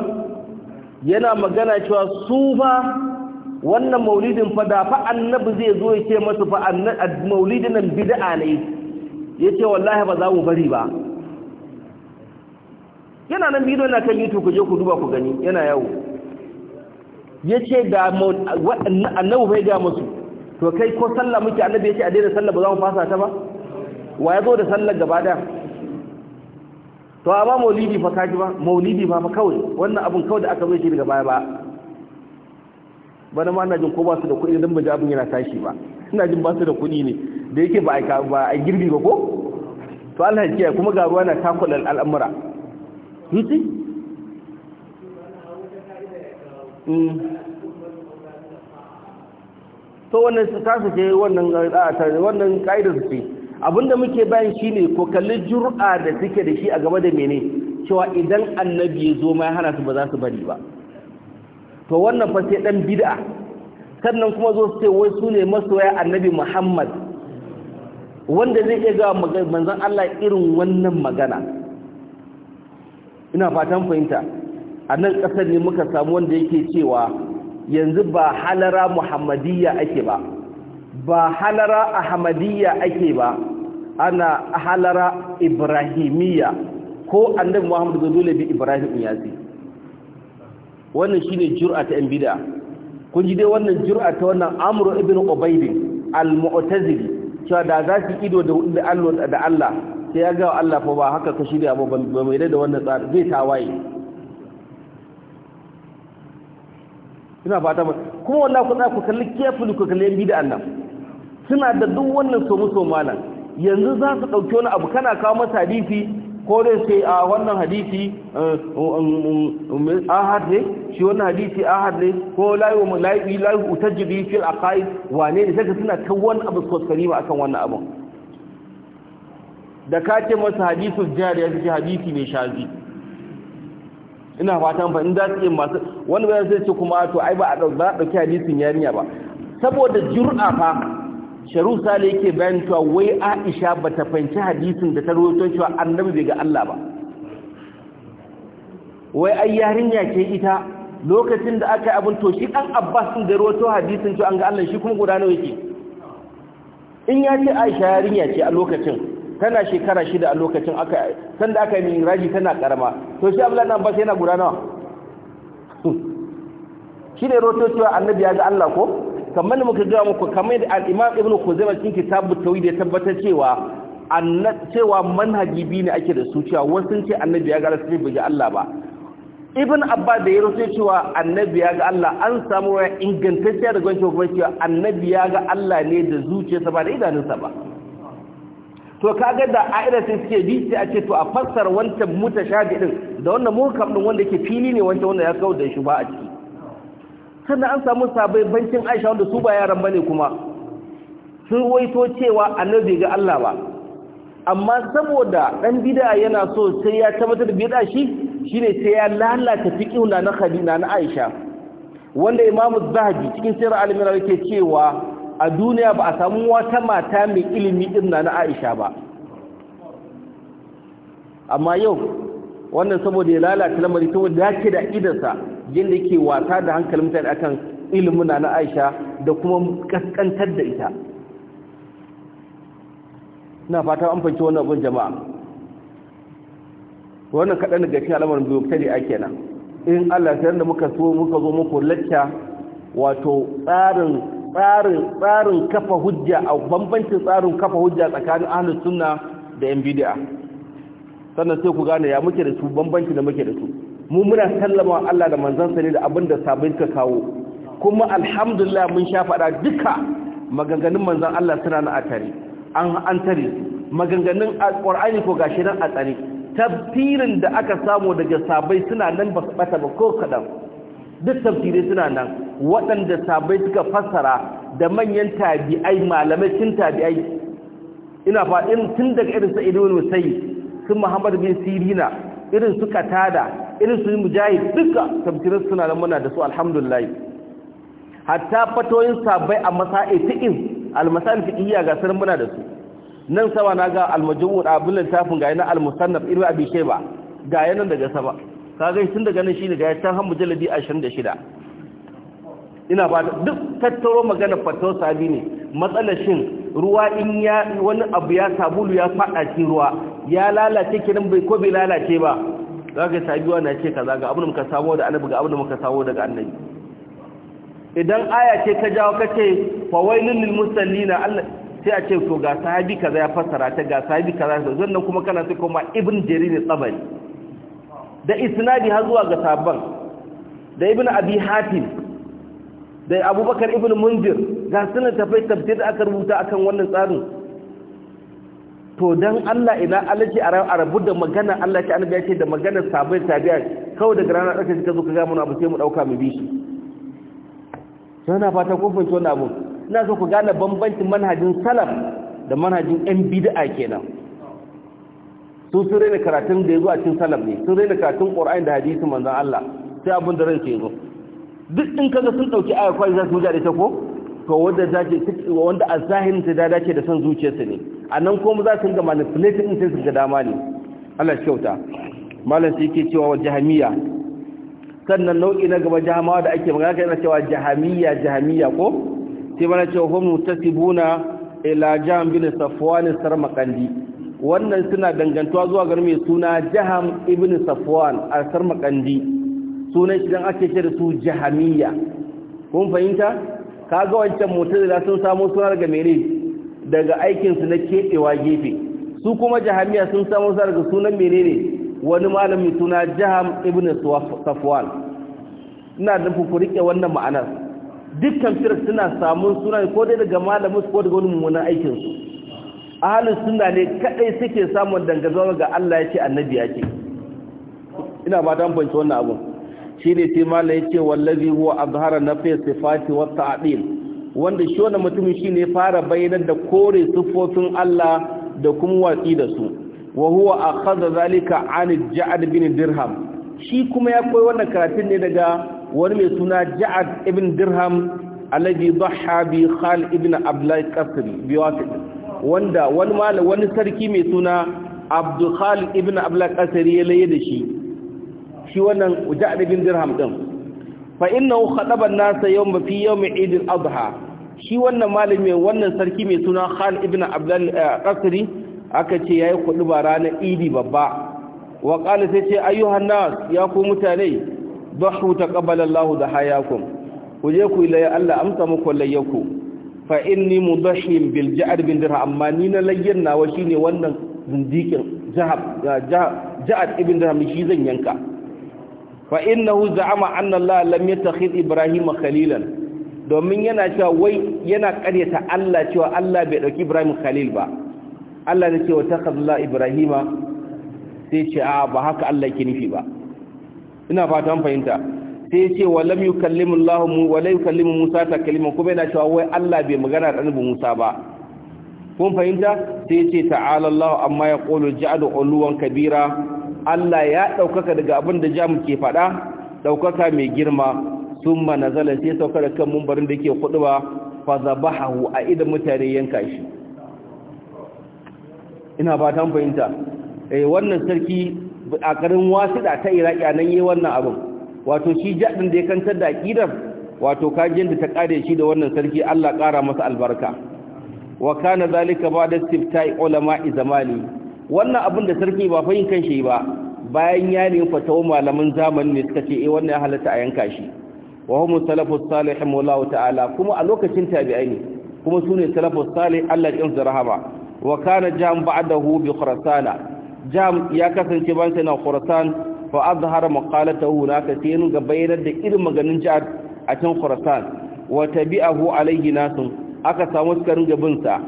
yana magana cewa su ba wannan maulidin fa da fa annabi zai zo ya ce masa fa annabi maulidin nan bid'a ne yace wallahi ba za mu bari ba yana nan bidiyo na kan YouTube ku je ku duba ku gani yana yawo yace da annabu bai ga musu to kai ko sallah muke annabi ce a daina sallah ba za mu fasa ta ba wa ya zo da sallar gaba da to amma maulidi fa kaji ba maulidi ba fa kawai wannan abun kawai da aka zo shi daga baya ba bana ma ina jin ko ba su da kuɗi dan ba abin yana tashi ba ina jin ba su da kuɗi ne da yake ba a ba a girbi ba ko to Allah ya kiyaye kuma ga ruwa na takula al'amura hici Mm. to wannan su tasu ce wannan wannan kaidar su ce abinda muke bayan shi ne ko kalli jur'a da suke da shi a gaba da mene cewa idan annabi ya zo ma ya hana su ba za su bari ba to wannan fa sai dan bid'a sannan kuma zo su ce wai su ne masoya annabi Muhammad wanda zai iya ga manzon Allah irin wannan magana ina fatan fahimta a nan ƙasar ne muka samu wanda yake cewa yanzu ba halara muhammadiyya ake ba ba halara ahmadiyya ake ba ana halara ibrahimiyya ko annabi muhammadu dole bi ibrahim ya ce wannan shine jur'a ta bid'a kun ji dai wannan jur'a ta wannan amru ibn ubayd al-mu'tazili cewa da za su ido da Allah da Allah sai ya ga Allah fa ba haka ka shirya ba mai da wannan tsari zai tawaye suna fata ba kuma wallahi ku za ku kalli kefulu ku kalli yan bid'a nan suna da duk wannan somu nan yanzu za su dauki wani abu kana kawo masa hadisi ko dai sai a ah, wannan hadisi eh, um, um, um, ahad ne shi wannan hadisi ahad ne ko layu layu layu utajbi fil aqaid wane ne saka suna ta wani abu sosai ba akan wannan abu da kace masa hadisul jariya shi hadisi mai shazi ina fatan fa in za su yi masu wani bayan sai ce kuma to ai ba a ɗauki ba ɗauki hadisin yarinya ba saboda jur'a fa sharu sale yake bayan cewa wai aisha ba ta fahimci hadisin da ta rawaito cewa annabi bai ga Allah ba wai ai yarinya ce ita lokacin da aka yi abin to shi ɗan abbas ɗin da rawaito hadisin cewa an ga Allah shi kuma guda nawa yake in ya ce aisha yarinya ce a lokacin tana shekara shida a lokacin aka sanda aka yi miraji tana karama to shi abu lana ba sai yana guda nawa *laughs* shi ne roto cewa annabi ya ga Allah ko kamar da muka gaya muku kamar da al-imam ibnu khuzaimah cikin kitabu tawhid ya tabbatar cewa cewa manhaji biyu ne ake da su cewa wasu ce annabi ya ga Allah sai bai ga Allah ba ibn abba da ya rufe cewa annabi ya ga Allah an samu ingantacciya da gwancin kuma cewa annabi ya ga Allah ne da zuciyarsa ba da idanunsa ba to ka ga da a'ida sai suke bi sai a ce to a fassara wancan mutashabi din da wannan murkam din wanda yake fili ne wancan wanda ya kawo da shi ba a ciki sannan an samu sabai bankin Aisha wanda su ba yaran bane kuma sun waito cewa annabi ga Allah ba amma saboda dan bid'a yana so sai ya tabbatar da bid'a shi shine sai ya lalata fiqhuna na Khadija na Aisha wanda Imamu Zahabi cikin Sirr al-Minar yake cewa a duniya ba a samu wata mata mai ilimi ɗinna na aisha ba amma yau wannan saboda ya lalata lamari saboda yake da idansa yadda yake wasa da hankalin mutane akan ilimin na aisha da kuma kaskantar da ita na fata an fahimci wannan abin jama'a wannan kaɗan daga cikin alamar biyu ta da ake nan in allah sayar da muka so muka zo muku lacca wato tsarin tsarin tsarin kafa hujja a bambancin tsarin kafa hujja tsakanin ahlus sunna da yan bid'a sannan sai ku gane ya muke da su bambanci da muke da su mu muna sallama Allah da manzansa ne da abin da sabai ka kawo kuma alhamdulillah mun sha fada duka maganganun manzan Allah suna na atari an an tare maganganun alqur'ani ko gashi nan a tafsirin da aka samu daga sabai suna nan ba su bata ba ko kadan duk tafsirai suna nan waɗanda sabai suka fassara da manyan tabi'ai malamai sun tabi'ai ina faɗin tun daga irin sa idon musayi sun Muhammadu bin sirina irin su katada irin su mujahid duka tafsirin suna nan muna da su alhamdulillah hatta fatoyin sabai a masa'i fiqh al-masail ya ga sanin muna da su nan sama na ga al-majmu'u abul littafin ga yana almusannaf musannaf ibn abi shayba ga yanan daga sama kaga tun daga nan shine ga ya tan mujalladi 26 ina ba duk tattaro magana fatawar sabi ne matsalar shin ruwa in ya wani abu ya sabulu ya fada cikin ruwa ya lalace kiran bai ko bai lalace ba zaka wa na ce kaza ga abin muka samu da annabi ga abin muka samu daga annabi idan aya ce ka jawo ka kace fawailun lil musallina Allah sai a ce to ga sahabi kaza ya fassara ta ga sahabi kaza sannan kuma kana sai kuma ibn jarir tsabari da isnadi har zuwa ga sabban da ibn abi hatim da abubakar ibn munzir ga suna tafai tafsir da aka rubuta akan wannan tsarin to dan Allah ina alaji a rabu da magana Allah ta annabi ya ce da magana sabai tabiya kawai daga rana da kake zo ka ga mu abu sai mu dauka mu bi shi na fata kofin fahimci wannan abu ina so ku gane bambancin manhajin salaf da manhajin ɗan bid'a kenan su sun raina karatun da yazo a cikin salaf ne sun raina karatun Qur'ani da hadisi manzon Allah sai abin da ran ce yazo duk ɗin kaga sun dauki aya kwai za su huja da ita ko to wanda za wanda a zahirin ta da dace da son zuciyarsa ne anan kuma za su ga manipulation din sai su ga dama ne Allah shi kyauta malam sai ke cewa jahamiya sannan nau'i na gaba jahamawa da ake magana kai na cewa jahamiya jahamiya ko sai mana cewa hum mutasibuna ila jaham bin safwan sarmaqandi wannan suna dangantuwa zuwa garin mai suna jaham ibn safwan al-sarmaqandi sunan shi dan ake ce da su jahamiya kun fahimta kaga wancan mu'tazila sun samu suna daga mene daga aikin su na kebewa gefe su kuma jahamiya sun samu suna daga sunan ne wani malami suna jaham ibn safwan ina da ku rike wannan ma'anar dukkan firar suna samun sunan ko dai daga malamin ko daga wani mummunan aikin su ahalin suna ne kadai suke samun dangazon ga Allah ya ce annabi ya ce ina ba ta banci wannan abun shine sai mala yace wallazi huwa azhara nafi sifati wa ta'dil wanda shi wannan mutumin shine fara bayyana da kore sifofin Allah da kuma watsi da su wa huwa akhadha zalika an ja'ad bin dirham shi kuma ya koyi wannan karatun ne daga wani mai suna ja'ad ibn dirham alladhi dhahha bi khal ibn ablay qasri bi wanda wani wani sarki mai suna abdul khal ibn ablay qasri ya laye da shi shi wannan ja'ad bin dirham din fa innahu khataba an-nasa yawma fi yawmi eid al-adha shi wannan malamin wannan sarki mai suna Khan ibn Abdul eh, Qasri aka ce yayi kuɗi ba ranar idi babba wa ta sai ce ayyuhan nas ya ku mutane dahu taqabbala Allahu dahayakum ku je ku ilaye Allah amsa muku layyaku fa mu mudahhim bil ja'ad bin dirham amma ni na layyan nawa shine wannan zindikin jahab eh, ja'ad ibn dirham shi zan yanka fa innahu za'ama anna Allah lam yattakhidh Ibrahim khalilan domin yana cewa wai yana ƙaryata Allah cewa Allah bai dauki Ibrahim khalil ba Allah ne cewa takhadha Ibrahima sai ce a ba haka Allah yake nufi ba ina fatan fahimta sai ce wa lam yukallimu Allah mu wa la yukallimu Musa taklima kuma yana cewa wai Allah bai magana da annabi Musa ba kun fahimta sai ce ta'ala Allah amma yaqulu ja'alu uluwan kabira Allah ya ɗaukaka daga abin da jamu ke faɗa ɗaukaka mai girma sun manazala sai sauka da kan mumbarin da ke kudu ba fa hahu a idan mutane yanka shi ina ba ta fahimta eh wannan sarki a karin da ta iraki nan yi wannan abin wato shi jaɗin da ya kantar da aƙidar wato kajin da ta ƙare shi da wannan sarki Allah ƙara masa albarka wa kana zalika ba da stiftai ulama'i zamani wannan abin da sarki ba fa yin kan ba bayan ya ne fatawa malaman zamani ne suka ce eh wannan ya halatta a yanka shi wa hum salafus salih wallahu ta'ala kuma a lokacin tabi'ai ne kuma sune salafus salih Allah ya jinsu rahama wa kana jam ba'dahu bi khurasan jam ya kasance ban sai na khurasan fa azhara maqalatahu na ka sai ga bayyana da irin maganin jihar a cikin khurasan wa tabi'ahu alayhi nasun aka samu sukarin gabin sa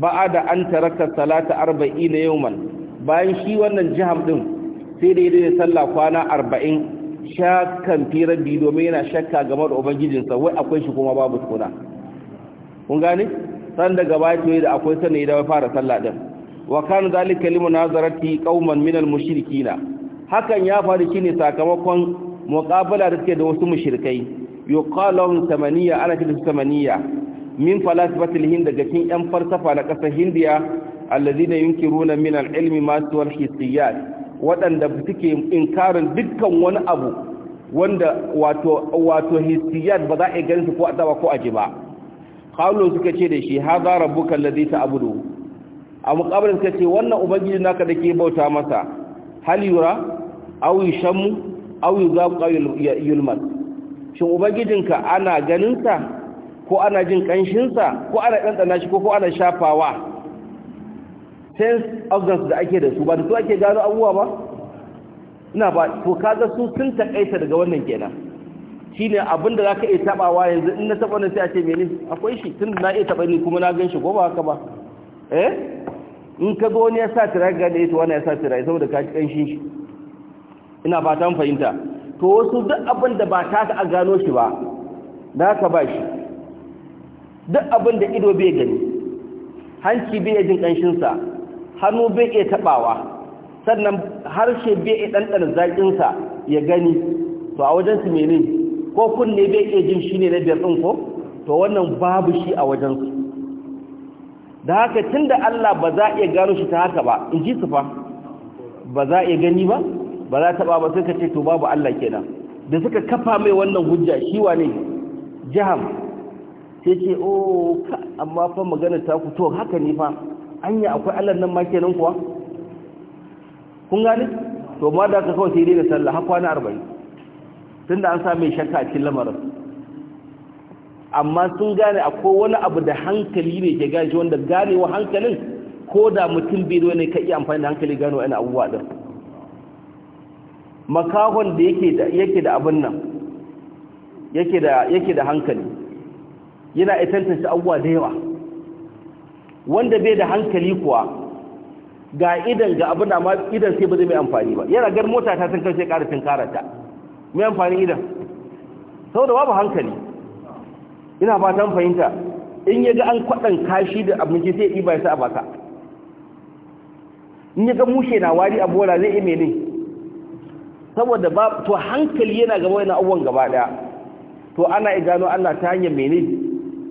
da an taraka salata yau man bayan shi wannan jiham din sai da ya salla kwana arba'in shakkan fi biyu domin yana shakka game da ubangijinsa wai akwai shi kuma babu tsuna kun gani? san daga baya da akwai sanai da fara sallah din wa kan zalika limunazarati qauman minal mushrikina hakan ya faru shine sakamakon muqabala da suke da wasu mushrikai yuqalu samaniya ana kidan samaniya min falasifatul hind daga cikin yan falsafa na ƙasar hindiya allazina yunkiruna min al-ilmi ma tuwal hisiyat waɗanda suke inkarin dukkan wani abu wanda wato wato hisiyat ba za a ganin su ko a taba ko a ji ba qalu suka ce da shi hadha rabbuka allazi ta'budu a muqabalin suka ce wannan ubangiji naka dake ke bauta masa hal yura aw yashmu aw yuzaqa yulmat shin ubangijinka ana ganin sa ko ana jin ƙanshinsa ko ana ɗanɗana shi ko ko ana shafawa sense organs da ake da su ba da su ake gano abubuwa ba ina ba to kaga su sun taƙaita daga wannan kenan shine abin da zaka iya tabawa yanzu in na taba wannan sai a ce mene akwai shi da na iya taba ni kuma na gan shi ko ba haka ba eh in ka ga wani ya sa tirai ga da eh, ita ya sa tirai saboda ka ji ƙanshin shi ina ta fahimta to wasu duk abin da ba ta ka a gano shi ba da ka ba shi duk abin da ido bai gani hanci bai jin ƙanshinsa hannu bai iya taɓawa sannan harshe bai iya ɗanɗana zaƙinsa ya gani to a wajensu mene ko kunne bai iya jin shi ne na biyar ɗin ko to wannan babu shi a wajensu da haka tun da Allah ba za a iya gano shi ta haka ba in ji su fa ba za a iya gani ba ba za ta ba sai ka ce to babu Allah kenan da suka kafa mai wannan hujja shi wane jaham sai ce o oh, amma fa magana ta ku to haka ne fa anya akwai Allah nan ma kenan kuwa kun gane to ma da ka kawai sai dai da sallah har kwana 40 tunda an sa mai shakka a cikin lamarin amma sun gane akwai wani abu da hankali ne ke gane wanda ganewa hankalin ko da mutum bai zo ne ka iya amfani da hankali gano wani abubuwa din makahon da yake da yake da abin nan yake da yake da hankali yana iya tantance abubuwa da yawa wanda bai da hankali kuwa ga idan ga abin ma idan sai ba zai mai amfani ba yana gar mota ta san kashe ƙara tun karata mai amfani idan saboda babu hankali ina fatan fahimta in ya ga an kwaɗan kashi da abinci sai ɗiba ya sa a baka in ya ga mushe na wari a bola zai ime ne saboda ba to hankali yana gaba yana abuwan gaba ɗaya to ana gano Allah ta hanyar mene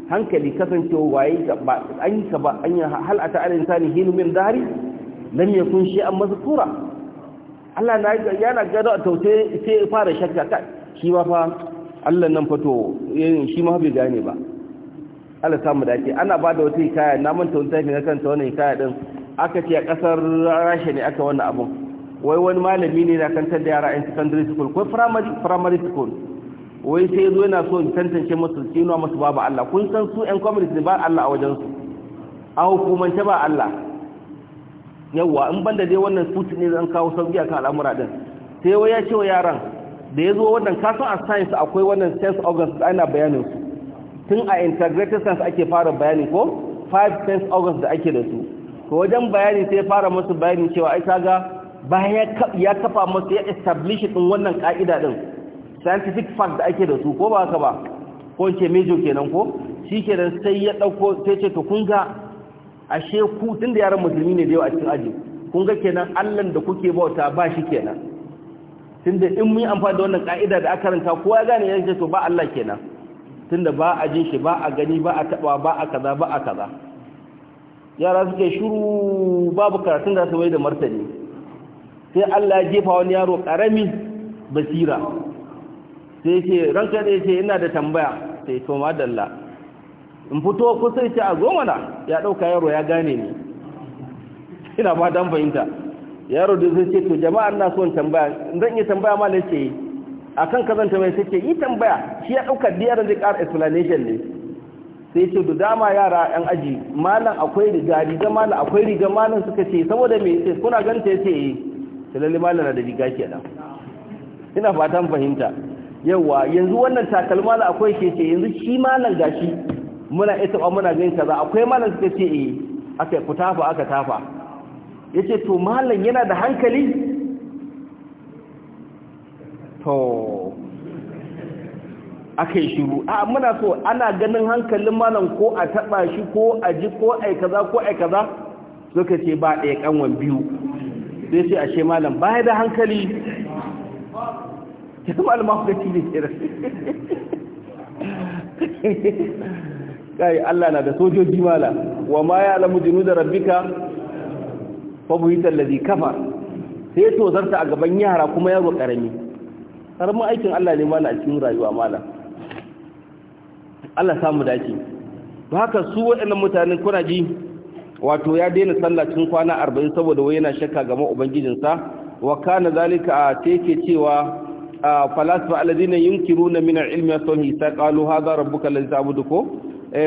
hankali kasancewa waye ba an yi ka ba an yi hal ata al insani hinu min dahri lam yakun shay'an mazkura Allah na yana gado a tauce sai fara shakka ta shi ma fa Allah nan fato eh, shi ma bai gane ba Allah samu dace ana ba da wata hikaya na manta wani ne kan ta wannan hikaya din aka ce a kasar Rasha ne aka wannan abun wai wani malami ne na ta da yara in secondary school ko primary primary school wai sai zo yana so in tantance masu sinuwa masu babu Allah kun san su ƴan communist ne ba Allah a wajen su a hukumance ba Allah yawa in banda dai wannan suci ne zan kawo sauki akan al'amura din sai wai ya ce wa yaran da ya zo wannan kasan a science akwai wannan sense organs ana bayanin su tun a integrated sense ake fara bayani ko five sense organs da ake da su ko wajen bayani sai fara musu bayani cewa ai kaga bayan ya kafa musu ya establish din wannan ka'ida din scientific fact da ake da su ko ba haka ba ko ce mejo kenan ko shi kenan sai ya ɗauko sai ce to kun ga ashe ku tun yaran musulmi ne da yau a cikin aji kun ga kenan allan da kuke bauta ba shi kenan tun in mun amfani da wannan ka'ida da aka karanta kowa ya gane ya ce to ba allah kenan tun da ba a jin shi ba a gani ba a taɓa ba a kaza ba a kaza yara suke shiru babu karatun da su mai da martani sai allah ya jefa wani yaro karami basira sai ce ranka da ce ina da tambaya sai to madalla in fito kusa ce a goma na ya ɗauka yaro ya gane ni ina ba dan fahimta yaro da zai ce to jama'an na son tambaya zan iya tambaya ma na ce a kan ka zanta mai sai ce yi tambaya shi ya ɗauka diyarin zai ƙara explanation ne sai ce da dama yara yan aji malam akwai riga riga malam akwai riga malam suka ce saboda me ce kuna ganta ya ce sai eh. lalle malam na da riga kenan ina fatan fahimta yawa yanzu wannan takalma da akwai ke ce yanzu shi malam gashi muna ita ba muna ganin kaza akwai malam suka ce eh aka ku tafa aka tafa yace to malam yana da hankali to akai shiru a muna so ana ganin hankalin malam ko a taba shi ko a ji ko ai kaza ko ai kaza suka ce ba ɗaya kanwan biyu sai sai ashe malam baya da hankali ya malama ga ne kira kai Allah na da sojoji mala wa ma ya alamu junuda rabbika fa buhital ladhi kafar sai to zarta a gaban yara kuma yaro karami karamin aikin Allah ne mala a cikin rayuwa mala Allah samu dace haka su waɗannan mutanen kuna ji wato ya daina sallah cikin kwana 40 saboda wai yana shakka gaban ubangijinsa wa kana zalika a take cewa falasifa alladhina yunkiruna min al-ilmi yasawhi taqalu hadha rabbuka alladhi ta'budu ko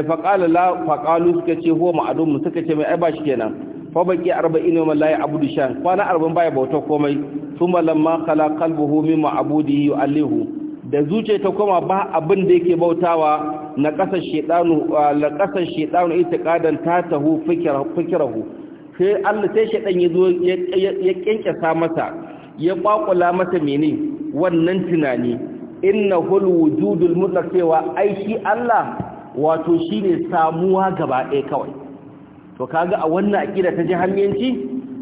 fa qala la fa qalu suka ce huwa ma'dum suka ce mai ai ba shi kenan fa baki 40 yawman la ya'budu shan kwana 40 baya bauta komai thumma lamma khala qalbuhu min ma'budihi yu'allihu da zuciya ta koma ba abin da yake bautawa na kasar shedanu la kasar shedanu itiqadan ta tahu fikirahu sai Allah sai shedan ya zo ya kenkesa masa ya kwakula masa menene wannan tunani hul wujudul mutlaq cewa ai shi Allah wato shine samuwa gaba ɗaya kawai to kaga a wannan aqida ta jahannanci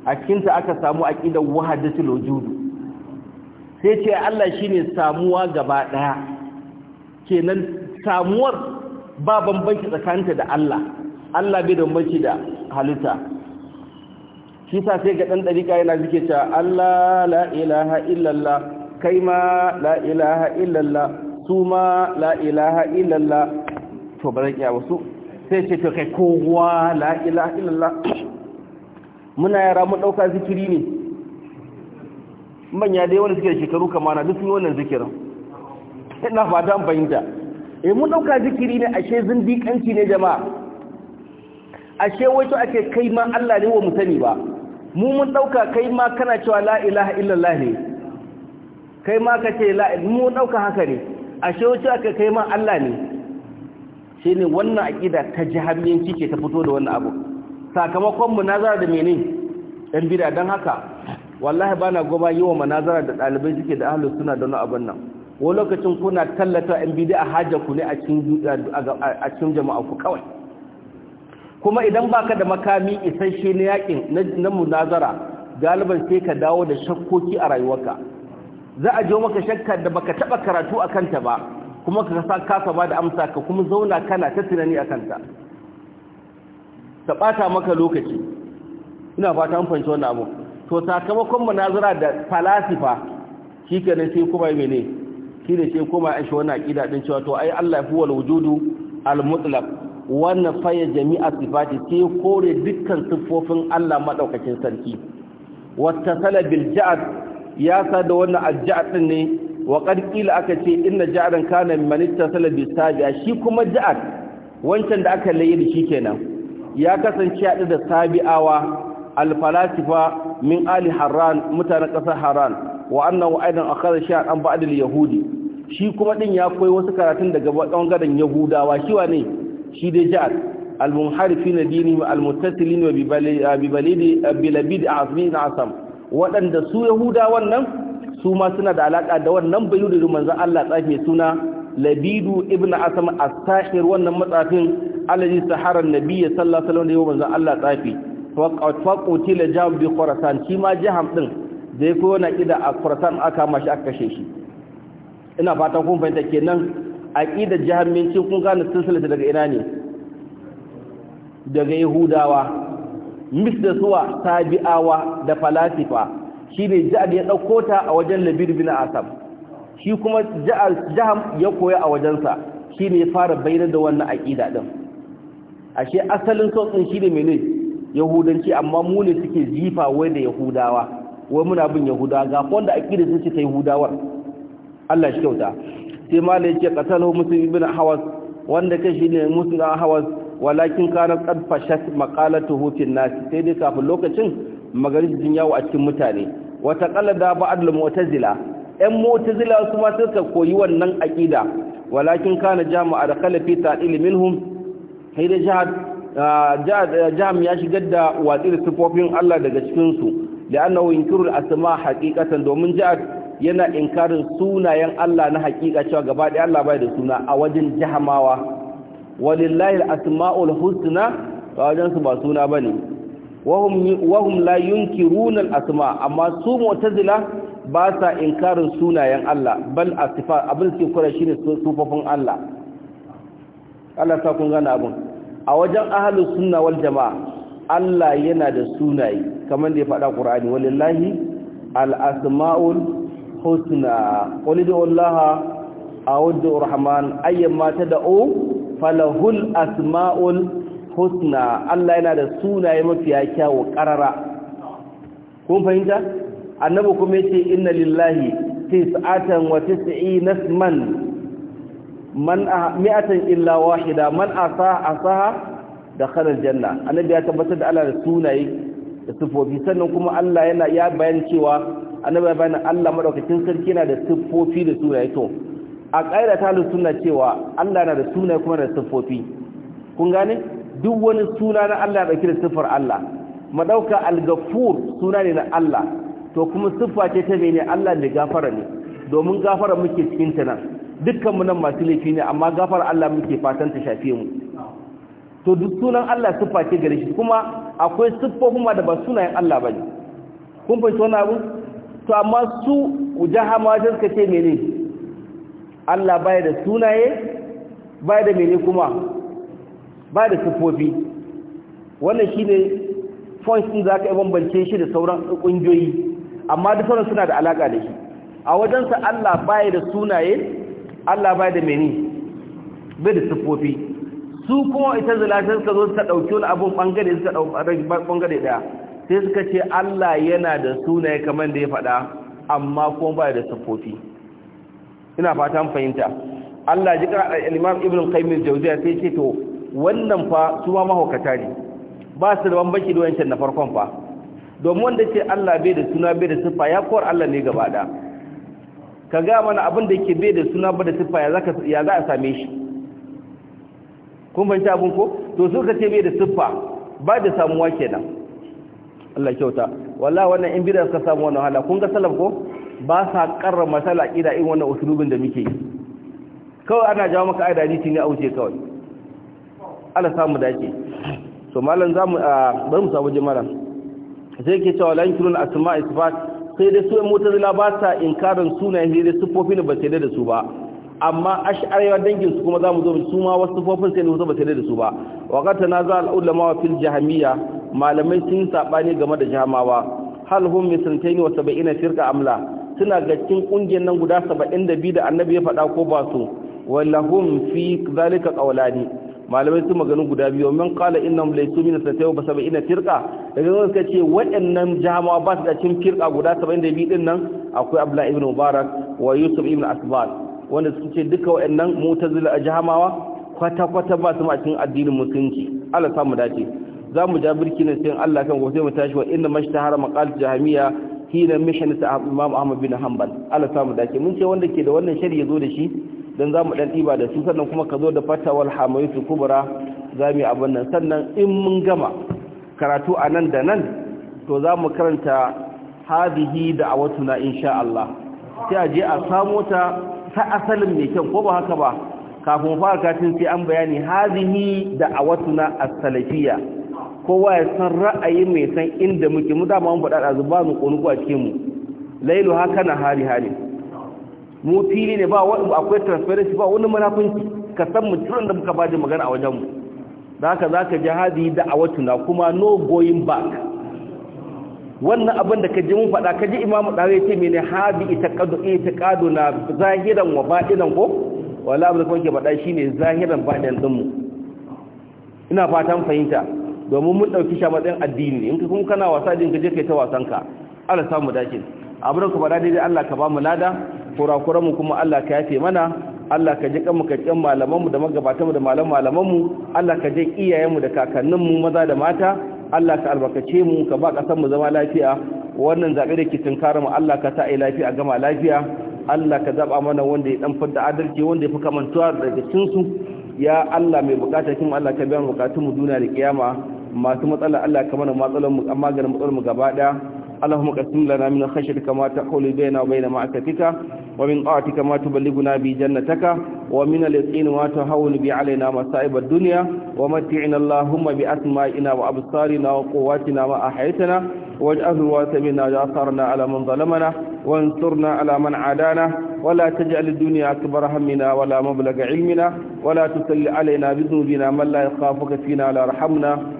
a cikin aka samu aqidar wahdatul wujud sai ce Allah shine samuwa gaba ɗaya kenan samuwar ba bambanci tsakaninta da Allah Allah bai da bambanci da halitta shi sai ga dan dariƙa yana zike cewa Allah la ilaha illallah kai ma la ilaha illallah su ma la ilaha illallah to ba zan iya wasu sai ce to kai kowa la ilaha illallah muna yara mu dauka zikiri ne manya dai wanda suke da shekaru kamar na dukkan wannan zikirin ina fata an fahimta eh mun dauka zikiri ne ashe zindiƙanci ne jama'a ashe wai to ake kai ma Allah ne wa mu sani ba mu mun dauka kai ma kana cewa la ilaha illallah ne kai ma ka ce mu ɗauka haka ne ashe wuce aka kai ma Allah ne shi ne wannan aƙida ta ji hannun ke ta fito da wannan abu sakamakon munazara da menin ɗan bida don haka wallahi ba na goma yi wa munazara da ɗalibai suke da ahalus suna da wani abin nan wani lokacin kuna tallata ɗan bida a hajjaku ne a cikin jama'a ku kawai kuma idan baka da makami isasshe na yakin na munazara galiban sai ka dawo da shakkoki a rayuwarka za a jo maka shakka da baka taba karatu a kanta ba kuma ka sa kasa ba da amsa ka kuma zauna kana ta tunani a kanta ta bata maka lokaci ina fata an fahimci wannan abu to sakamakon munazara da falasifa shikenan sai kuma mene shine sai kuma an shi wannan aqida din cewa to ai Allah huwa al-wujudu al-mutlaq wannan jami'a sifati sai kore dukkan siffofin Allah madaukakin sarki wattasala bil ja'd ya sa da wannan alja'ad din ne wa qad aka ce inna ja'adan kana man ittasala bi sabi'a shi kuma Ja'ar wancan da aka laye da shi kenan ya kasance a da sabi'awa al-falasifa min ali harran mutanen kasar harran wa annahu aidan akhadha shi'an an ba'd al-yahudi shi kuma din ya koyi wasu karatun daga bangaren yahudawa shi wane shi dai Ja'ar al-munharifin dinihim al-muttasilin wa bi balidi bilabid azmin asam waɗanda su Yahuda wannan, su ma suna da alaƙa da wannan da manzon Allah tsafi suna labidu ibn asam as-sahir wannan matsafin alaji saharan nabiyyi sallallahu alaihi wasallam manzon Allah tsafi til jam bi khurasan shi ma jaham din da yake wani na kida a khurasan aka mashi aka kashe shi ina fatan kun fahimta kenan aqida jahamminci kun gane silsilata daga ina ne daga yahudawa mis da suwa tabi'awa da falasifa shi ne ja'ad ya ɗauko ta a wajen labir bin asam shi kuma jaham ya koya a wajensa shi ne ya fara bayyana da wannan aƙida ɗin ashe asalin sosin shi ne mene yahudanci amma mu ne suke jifa wai da yahudawa wai muna bin yahudawa ga wanda aƙida sun ce ta yahudawar allah shi kyauta sai malai da yake ƙasar musulmi bin hawas wanda kashi ne musulmi hawas walakin kana qad fashat maqalatuhu fil nas sai dai kafin lokacin magarijin yawo a cikin mutane wata qalada ba'd al mu'tazila ɗan mu'tazila su ma suka koyi wannan aqida walakin kana jami'a da khalafi ta'il minhum sai da jam ah, ah, ya shigar da watsi da sifofin Allah daga cikin su la'annahu inkaru al asma haqiqatan domin jahad yana inkarin sunayen Allah na haƙiƙa cewa gaba ɗaya Allah bai da suna a wajen jahamawa walillahi al-asma'ul husna ba wajen ba suna bane wahum la yunkiruna al-asma amma su mu'tazila ba sa inkarin sunayen Allah bal asifa abin suke kura shine sufofin Allah Allah sa kun gane abin a wajen ahlus sunna wal jamaa Allah yana da sunaye kamar da ya faɗa Qur'ani walillahi al-asma'ul husna qul Allah a'udhu rahman ayyama tad'u falahul asma'ul husna Allah yana da sunaye mafiya kyawu karara kun fahimta annabi kuma yace inna lillahi tis'atan wa tis'in man man mi'atan illa wahida man asaha asaha dakhala aljanna annabi ya tabbatar da Allah da sunaye da sifofi sannan kuma Allah yana ya bayan cewa annabi ya bayyana Allah madaukakin sarki yana da sifofi da sunaye to a ƙaida ta suna cewa Allah na da suna kuma da siffofi kun gane duk wani suna na Allah ɗauki da siffar Allah madauka al-gafur suna ne na Allah to kuma siffa ce ta mene Allah da gafara ne domin gafara muke cikin ta nan dukkan mu nan masu laifi ne amma gafara Allah muke fatan ta shafe mu to duk sunan Allah siffa ce gare shi kuma akwai siffofin ma da ba sunayen Allah bane kun fahimci wannan abu to amma su jahama suka ce mene Allah baya da sunaye baya da mene kuma baya da sufofi wannan shine points din zaka yi bambance shi da sauran kungiyoyi amma duk sauran suna da alaka da shi a wajensa Allah baya da sunaye Allah baya da mene bai da sufofi su kuma ita zalatar suka zo ta dauki wani abun bangare suka dauki bangare daya sai suka ce Allah yana da sunaye kamar da ya faɗa amma kuma baya da sufofi ina fatan fahimta Allah ji ka al-Imam Ibn al-Qayyim al-Jawziyya sai ce to wannan fa su ma mahaukata ne ba su da banbaki da wancan na farkon fa domin wanda ce Allah bai da suna bai da sifa ya kowar Allah ne gaba da ka ga mana abin da yake bai da suna bai da sifa ya za ya za a same shi kun ta abin ko to su ka ce bai da sifa ba da samuwa kenan Allah kyauta wallahi wannan in da suka samu wannan hala kun ga salaf ko ba sa karra masala ƙida in wannan usulubin da muke yi kawai ana jawo maka aida hadisi ne a wuce kawai ala samu dace so malam zamu bari mu samu jimala sai ke cewa la yunkirun asma isbat sai dai su mu'tazila ba sa inkarin sunayen sai dai fofin da ba sai da su ba amma ash'ariya dangin su kuma zamu zo su ma wasu sufofin sai da ba sai da su ba waqata naza al wa fil jahmiya malamai sun ne game da jahmawa hal hum wa 72 firqa amla suna ga cikin kungiyar nan guda 72 da annabi ya faɗa ko ba su wallahum fi zalika qawlani malamai su maganin guda biyu man qala innam laysu min satayyu ba 70 firqa daga nan suka ce waɗannan jama'a ba su da cikin firqa guda 72 din nan akwai abla ibn mubarak wa yusuf ibn asbad wanda suka ce duka waɗannan mu'tazila jama'a kwata kwata ba su ma cikin addinin musulunci Allah samu dace za mu ja birki ne sai Allah kan gobe mu tashi wa inna mashtahara maqal jahmiya hina mishan ta imam ahmad bin hanbal Allah samu dace mun ce wanda ke da wannan shari'a zo da shi dan zamu dan diba da su sannan kuma ka zo da fatawal hamayatu kubra zamu abin nan sannan in mun gama karatu anan da nan to zamu karanta hadihi da awatuna insha Allah sai a je a samu ta ta asalin ne kan ko ba haka ba kafin fara katin sai an bayani hadihi da awatuna as-salafiyya kowa ya san ra'ayi mai san inda muke mu dama mun faɗa ɗazu ba mu ku a cikin mu lailu haka na hari hari mu fili ne ba akwai transparency ba wani munafunci ka san mu turan da muka baje magana a wajen mu da haka ka ji hadi na kuma no going back wannan abin da ka ji mun faɗa ka ji imamu ɗawe ce mene habi itaƙadu itaƙadu na zahiran wa baɗinan ko wala abin da kuma ke faɗa shine zahiran baɗin mu? ina fatan fahimta domin mun ɗauki sha matsayin addini in kuma kana wasa din ka je kai ta wasan ka Allah samu dace abin ka bada daidai Allah ka ba mu lada kurakuran mu kuma Allah ka yafe mana Allah ka ji kanmu ka kyan malaman mu da magabatan mu da malam malaman mu Allah ka ji iyayen mu da kakannin mu maza da mata Allah ka albarkace mu ka ba kasan mu zama lafiya wannan zabe da ke tunkara mu Allah ka sa ai lafiya gama lafiya Allah ka zaba mana wanda ya dan fadda adalci wanda ya fi kamantuwa daga cikin su ya Allah mai bukatar kin Allah ka biya mu bukatun mu duniya da kiyama masu matsala Allah kamar da matsalar mu amma ga matsalar mu gaba daya Allahumma qassim lana min khashyatika ma taqulu bayna wa bayna ma'atika wa min ta'atika ma tuballighuna bi jannatika wa min al-yaqin wa tahawwal bi alaina masa'ib ad-dunya wa mati'na Allahumma bi asma'ina wa absarina wa quwwatina wa ahyaitana واجعل واسمنا جاثرنا على من ظلمنا وانصرنا على من عادانا ولا تجعل الدنيا أكبر همنا ولا مبلغ علمنا ولا تسل علينا بذنوبنا من لا يخافك فينا لا رحمنا